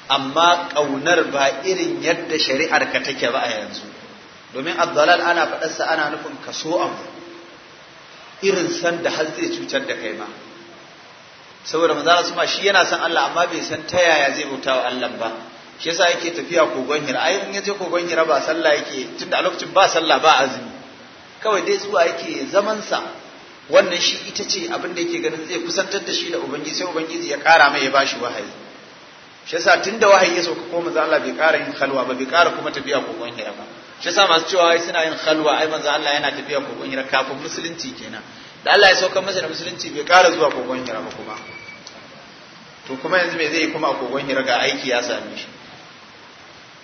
amma ƙaunar ba irin yadda shari'ar ka take ba a yanzu domin addalal ana faɗarsa ana nufin kaso abu irin san da har zai cutar da kai ma saboda maza su ma shi yana san Allah amma bai san ta yaya zai bauta wa Allah ba shi yasa yake tafiya kogon hira ai in yaje kogon hira ba sallah yake tunda a lokacin ba sallah ba azumi kawai dai zuwa yake zaman sa wannan shi ita ce abin da yake ganin zai kusantar da shi da ubangiji sai ubangiji ya kara mai ya bashi wahayi shi yasa tunda wahayi ya sauka ko manzo Allah bai kara yin khalwa ba bai kara kuma tafiya kogon hira ba shi yasa masu cewa ai suna yin khalwa ai manzo Allah yana tafiya kogon hira kafin musulunci kenan da Allah ya sauka masa da musulunci bai kara zuwa kogon hira ba kuma to kuma yanzu me zai yi kuma a kogon hira ga aiki ya same shi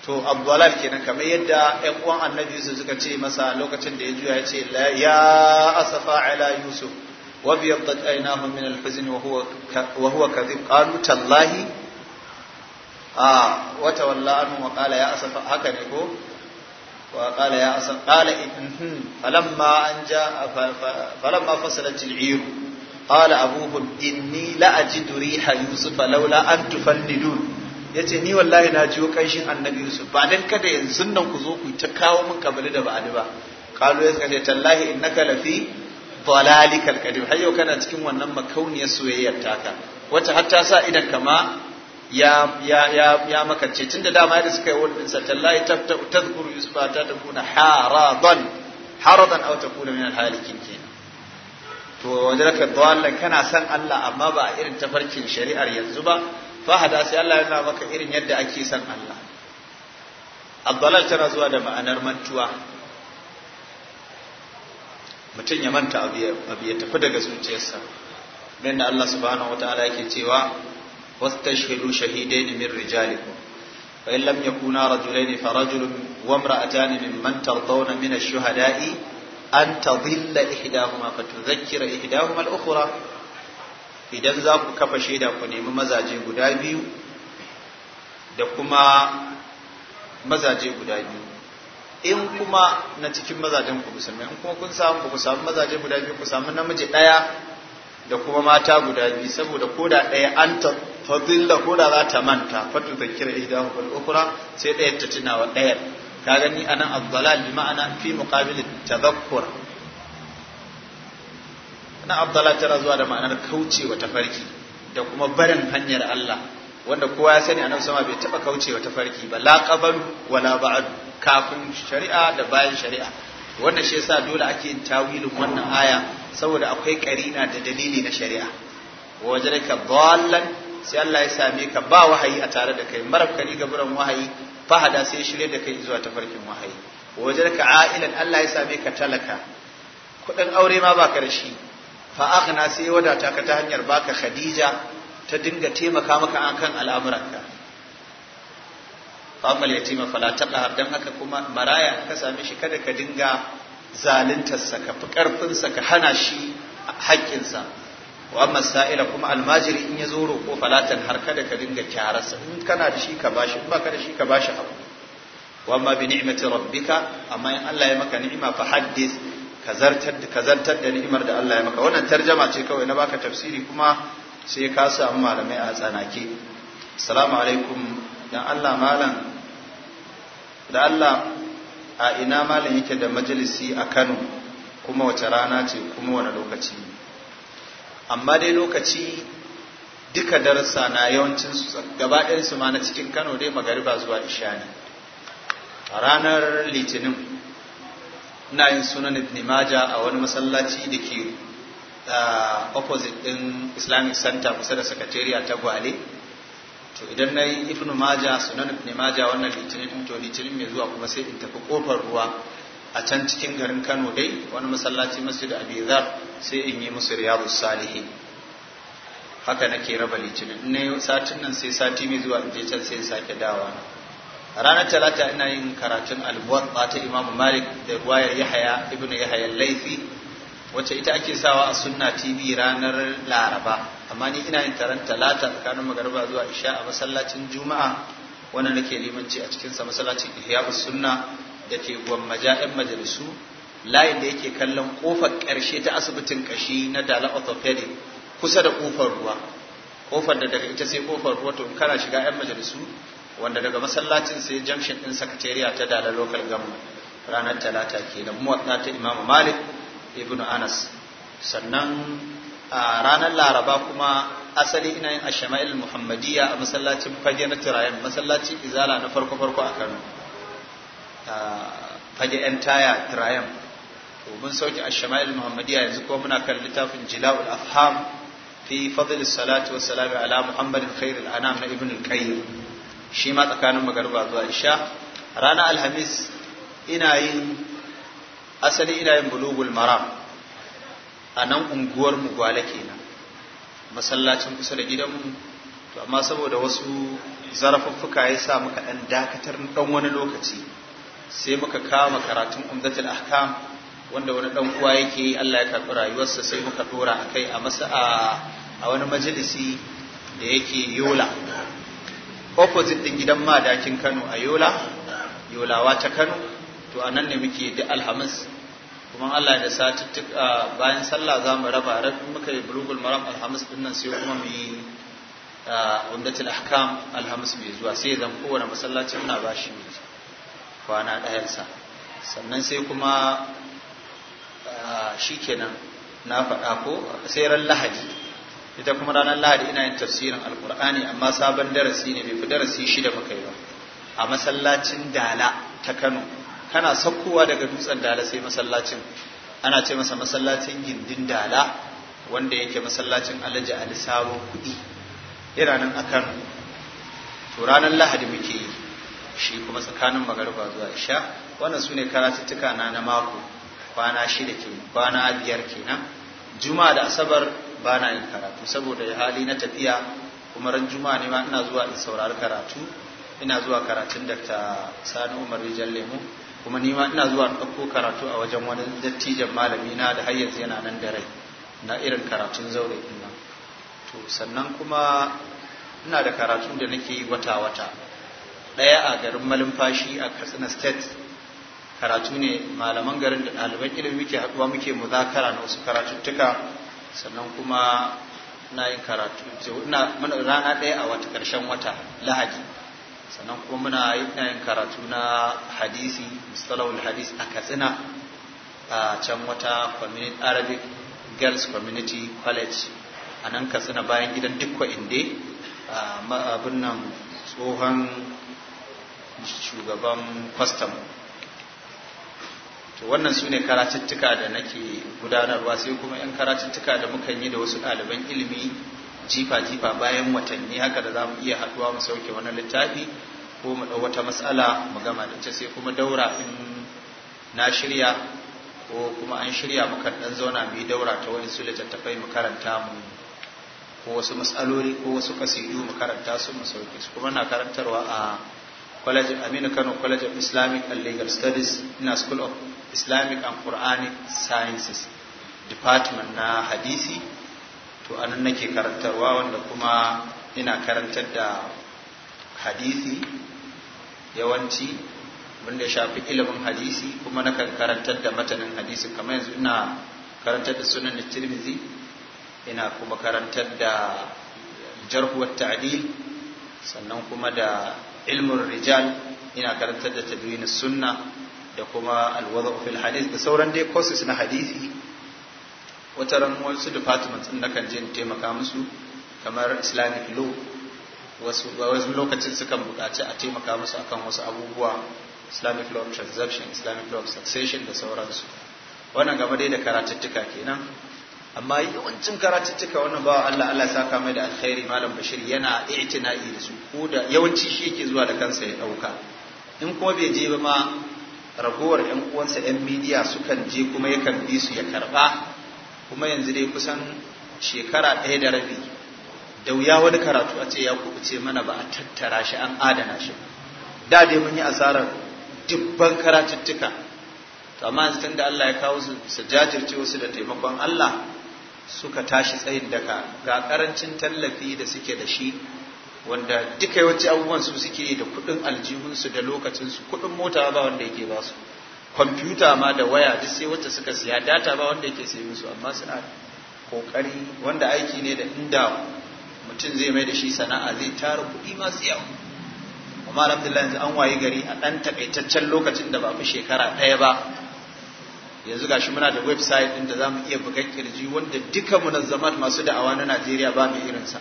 to abdulal kenan kamar yadda ƴan uwan annabi yusuf suka ce masa lokacin da ya juya ya ce ya asafa ala yusuf wa biyaddat aynahu min al-huzn wa huwa wa huwa kadhib qalu tallahi a wa tawalla anhu wa qala ya asafa haka ne ko wa qala ya asafa qala mhm, falamma falamma fasalat al-ayr qala abuhum inni la ajidu riha an tufannidun ya ce ni wallahi na jiwo ƙanshin annabi yusuf ba dan kada yanzu nan ku zo ku ta kawo min kabali da ba'adi ba kalu ya ce tallahi innaka lafi dalalikal qadim har yau kana cikin wannan makauniyar soyayyar taka wata har ta sa idan kama ya ya ya ya makance tunda dama da suka yi wannan sa tallahi tafta tazkuru yusufa ta takuna haradan haradan aw takuna min alhalikin kenan to wajen ka dawallan kana san Allah amma ba irin tafarkin shari'ar yanzu ba fahada sai Allah yana maka irin yadda ake San Allah abdalal tana zuwa da ma'anar mantuwa mutum ya manta abu ya tafi daga zuciyarsa bayan da Allah subhanahu wataala yake cewa wastashhidu shahidaini min rijalikum fa in lam yakuna rajulaini fa rajulun wa imra'atani mimman tardawna min ash-shuhada'i an tadilla ihdahuma fa tudhakkira ihdahuma al-ukhra idan za ku kafa shaida ku nemi mazaje guda biyu da kuma mazaje guda biyu in kuma na cikin mazajen ku musulmai in kuma kun samu ku samu mazaje guda biyu ku samu namiji ɗaya da kuma mata guda biyu saboda koda ɗaya an ta fadilla koda za ta manta fatu zakira ihdahu wal ukhra sai ɗaya ta tunawa ɗaya ka gani anan ad dhalal bi ma'ana fi muqabil tadhakkur na abdala tana zuwa da ma'anar kaucewa tafarki da kuma barin hanyar Allah wanda kowa ya sani annabi sama bai taba kauce wa tafarki ba la wala ba'd kafin shari'a da bayan shari'a wannan shi yasa dole ake yin tawilin wannan aya saboda akwai karina da dalili na shari'a wajadaka dallan sai Allah ya same ka ba wahayi a tare da kai kari ga buran wahayi fahada sai shirye da kai zuwa tafarkin wahayi wajadaka a'ilan Allah ya same ka talaka kuɗin aure ma ba ka da shi fa aghna sai wadata ka ta hanyar baka khadija ta dinga taimaka maka akan al'amuranka fa amma yatima fala taqhar dan haka kuma maraya ka same shi kada ka dinga zaluntarsa ka fi sa ka hana shi sa wa amma sa'ila kuma almajiri in ya zo roko falatan har kada ka dinga kyararsa in kana da shi ka bashi in baka da shi ka bashi abu wa amma bi ni'mati rabbika amma in Allah ya maka ni'ima fa haddith ka zartar da ni'imar da Allah ya maka wannan tarjama ce kawai na baka tafsiri kuma sai ka samu malamai a tsanake assalamu alaikum dan Allah malam da Allah a ina malam yake da majalisi a Kano kuma wace rana ce kuma wani lokaci amma dai lokaci duka darasa na yawancin su gaba ɗayan su ma na cikin Kano dai magariba zuwa isha ne ranar litinin ina yin sunan ibn maja a wani masallaci da ke opposite din islamic center kusa da secretariat ta gwale to idan na yi ibn maja sunan ibn maja wannan litinin to litinin mai zuwa kuma sai in tafi kofar ruwa a can cikin garin kano dai wani masallaci masjid abizar sai in yi musu riyadu salihi haka nake raba litinin ne satin nan sai sati mai zuwa in je can sai in sake dawa ranar talata ina yin karatun albuwar ta imamu malik da ruwayar yahaya ibn yahaya laifi wacce ita ake sawa a sunna tv ranar laraba amma ni ina yin taron talata tsakanin magariba zuwa isha a masallacin juma'a wanda nake limanci a cikinsa masallacin ihya sunna da ke gwammaja yan majalisu layin da yake kallon kofar ƙarshe ta asibitin ƙashi na dala orthopedic kusa da kofar ruwa kofar da daga ita sai kofar ruwa to in kana shiga yan majalisu wanda daga masallacin sai jamshin din sakatariya ta dala lokal gamu, ranar talata kenan muwatta ta imamu malik ibnu anas sannan a ranar laraba kuma asali ina yin ashama'il muhammadiyya a masallacin fage na tirayen masallacin izala na farko farko a kano fage yan taya tirayen mun sauke ashama'il muhammadiyya yanzu kuma muna kan littafin jila'ul afham fi fadl salatu wa ala muhammadin khairul anam na ibn al-qayyim shi ma tsakanin magarba zuwa isha rana alhamis ina yin asali ina yin bulugul maram a nan unguwar mu gwale kenan masallacin kusa da gidanmu to amma saboda wasu zarafuffuka ya sa muka ɗan dakatar ɗan wani lokaci sai muka kama karatun umdatul ahkam wanda wani ɗan uwa yake yi Allah ya karɓi rayuwarsa sai muka ɗora a kai a masa a wani majalisi da yake yola opposite din gidan madakin Kano a Yola Yolawa ta Kano to a nan ne muke da Alhamis kuma Allah da tuka bayan sallah za mu raba ran muka yi bulugul maram Alhamis din nan sai kuma mu yi umdatul ahkam Alhamis mai zuwa sai zan kowane masallaci ba bashi kwana ɗayansa sannan sai kuma shi shikenan na faɗa ko sai ran Lahadi ita kuma ranar lahadi ina yin tafsirin alkur'ani amma sabon darasi ne bai fi darasi shida muka yi ba a masallacin dala ta kano kana sakkowa daga dutsen dala sai masallacin ana ce masa masallacin gindin dala wanda yake masallacin alhaji ali sabon kuɗi yana a kano to ranar lahadi muke yi shi kuma tsakanin magariba zuwa isha wannan su ne karatuttuka na na mako kwana shida ke kwana biyar kenan juma'a da asabar ba na yin karatu saboda hali na tafiya kuma ran juma'a ne ma ina zuwa in saurari karatu ina zuwa karatun Dr. Sani Umar Rijal Lemu kuma ni ma ina zuwa ɗauko karatu a wajen wani dattijan malami na da har yanzu yana nan da rai na irin karatun zaure din to sannan kuma ina da karatu da nake yi wata wata ɗaya a garin malumfashi a Katsina State karatu ne malaman garin da ɗaliban ilimi muke haɗuwa muke muzakara na wasu karatuttuka sannan kuma na yin karatu muna rana ɗaya a wata ƙarshen wata lahadi sannan kuma muna yin karatu na hadisi mustalawul hadis a katsina a can wata community arabic girls community college a nan katsina bayan gidan dukwa inde abin nan tsohon shugaban kwastam to wannan su ne karatuttuka da nake gudanarwa sai kuma yan karatuttuka da mukan yi da wasu ɗaliban ilimi jifa-jifa bayan watanni haka da za mu iya haɗuwa mu sauke wani littafi ko mu ɗau wata matsala mu gama da ce, sai kuma daura in na shirya ko kuma an shirya mukan ɗan zauna mu yi daura ta wani su littattafai mu karanta mu ko wasu matsaloli ko wasu kasidu mu karanta su mu sauke su kuma na karantarwa a College of Aminu Kano College of Islamic and Legal Studies ina School of Islamic and Quranic Sciences Department na hadisi to anan nake karantarwa wanda kuma ina karantar da hadisi yawanci wanda ya shafi ilimin hadisi kuma nakan karantar da matanin hadisi kamar yanzu ina karantar da sunan Tirmidhi, ina kuma karantar da jarhuwar ta'adil sannan kuma da ilmun rijal ina karantar da tadwin sunna da kuma alwada fil hadith da sauran dai courses na hadisi wata ran wasu departments din nakan je in taimaka musu kamar islamic law wasu wasu lokacin sukan buƙaci a taimaka musu akan wasu abubuwa islamic law transaction islamic law succession da sauransu wannan gaba dai da karatuttuka kenan amma yawancin karatuttuka wannan bawa Allah Allah sa kama da alkhairi malam bashir yana i'tina'i da su ko da yawanci shi yake zuwa da kansa ya dauka in kuma bai je ba ma ragowar yan uwansa yan midiya sukan je kuma yakan bi su ya karba kuma yanzu dai kusan shekara ɗaya da rabi da wuya wani karatu a ce ya kubuce mana ba a tattara shi an adana shi da dai mun yi asarar dubban karatuttuka to amma yanzu da Allah ya kawo su jajirce wasu da taimakon Allah suka tashi tsayin daka ga karancin tallafi da suke da shi wanda duka yawanci abubuwan su suke da kuɗin aljihunsu da lokacinsu kudin mota ba wanda yake ba su kwamfuta ma da waya duk sai wacce suka siya data ba wanda yake sayi su amma suna kokari wanda aiki ne da inda mutum zai mai da shi sana'a zai tara kuɗi masu yawa amma alhamdulillah yanzu an wayi gari a ɗan takaitaccen lokacin da ba fi shekara ɗaya ba yanzu gashi muna da website din da zamu iya buga kirji wanda duka munazzamat masu da'awa na Najeriya ba mu irin sa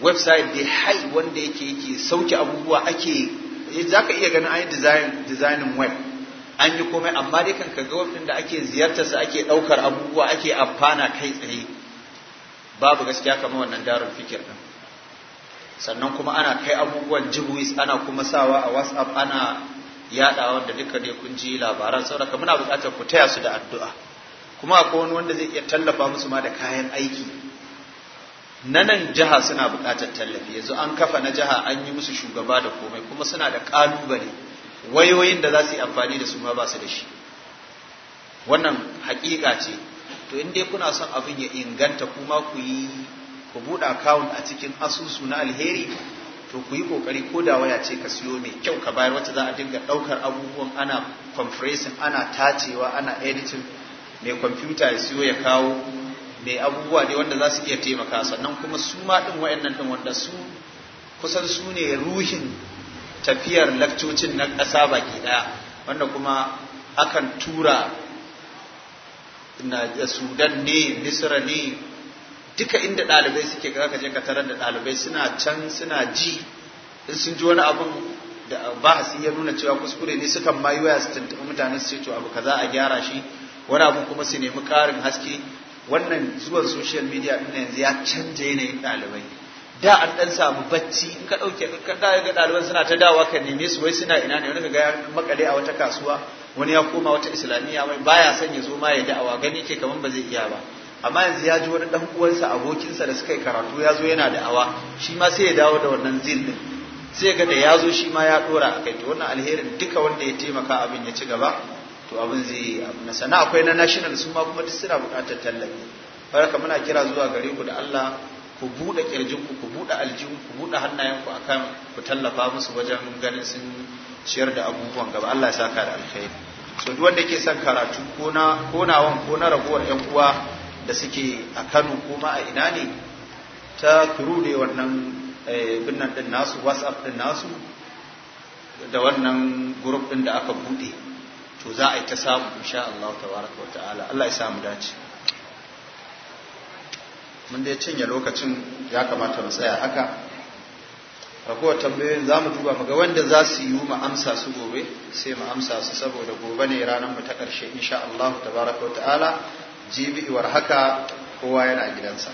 website dai hai wanda yake yake sauke abubuwa ake eh, zaka iya ganin ai design designing web an yi komai amma dai kan kaga wafin da ake ziyartar sa ake daukar abubuwa ake amfana kai tsaye babu gaskiya kamar wannan darul fikir din sannan kuma ana kai abubuwan jibuis ana kuma sawa a WhatsApp ana yaɗa wanda duka ne kun ji labaran sauraka muna buƙatar ku taya su da addu'a kuma akwai wani wanda zai iya tallafa musu ma da kayan aiki na nan jiha suna buƙatar tallafi yanzu an kafa na jiha an yi musu shugaba da komai kuma suna da ƙalubale wayoyin da za su yi amfani da su ma ba su da shi wannan haƙiƙa ce to in dai kuna son abin ya inganta kuma ku yi ku buɗe akawun a cikin asusu na alheri to ku yi kokari ko da waya ce ka siyo mai kyau ka bayar wacce za a dinga daukar abubuwan ana compressing ana tacewa ana editin mai kwamfuta ya siyo ya kawo mai abubuwa ne wanda za su iya taimaka sannan kuma su ma din wayannan din wanda su kusan su ne ruhin tafiyar lakcocin na ƙasa baki ɗaya wanda kuma akan tura na sudan ne misra ne duka inda ɗalibai suke ka je ka tarar da ɗalibai suna can suna ji in sun ji wani abun da ba su ya nuna cewa kuskure ne sukan ma waya su tuntuɓi mutane su ce to abu kaza a gyara shi wani abu kuma su nemi ƙarin haske wannan zuwan social media ɗin yanzu ya canja yanayin ɗalibai da an ɗan samu bacci in ka ɗauke ka ga ɗaliban suna ta dawa ka neme su wai suna ina ne wani ga ya makale a wata kasuwa wani ya koma wata islamiyya mai baya son ya zo ma ya da'awa gani ke kaman ba zai iya ba amma yanzu ya ji wani dan uwansa abokinsa da suka yi karatu ya zo yana da awa shi ma sai ya dawo da wannan zin din sai ga da ya zo shi ma ya dora a kai to wannan alherin duka wanda ya taimaka abin ya ci gaba to abin zai yi na sana akwai na national su ma kuma duk suna buƙatar tallafi baraka muna kira zuwa gare ku da Allah ku buɗe ƙirjinku ku buɗe aljihun ku buɗe hannayenku akan ku tallafa musu wajen ganin sun ciyar da abubuwan gaba Allah ya saka da alkhairi so duk wanda ke son karatu ko na ko na ragowar yan uwa da suke a Kano kuma a ina ne ta kuru ne wannan eh, binnan din nasu WhatsApp din nasu da wannan group din da aka bude to za a yi ta samu insha Allah tabaraka wa ta'ala Allah ya samu dace mun dai cinye lokacin ya kamata mu tsaya haka ragowar tambayoyin za mu duba mu ga wanda za su yi mu amsa su gobe sai mu amsa su saboda gobe ne ranar mu ta karshe insha Allah tabaraka wa ta'ala jibi war haka kowa yana gidansa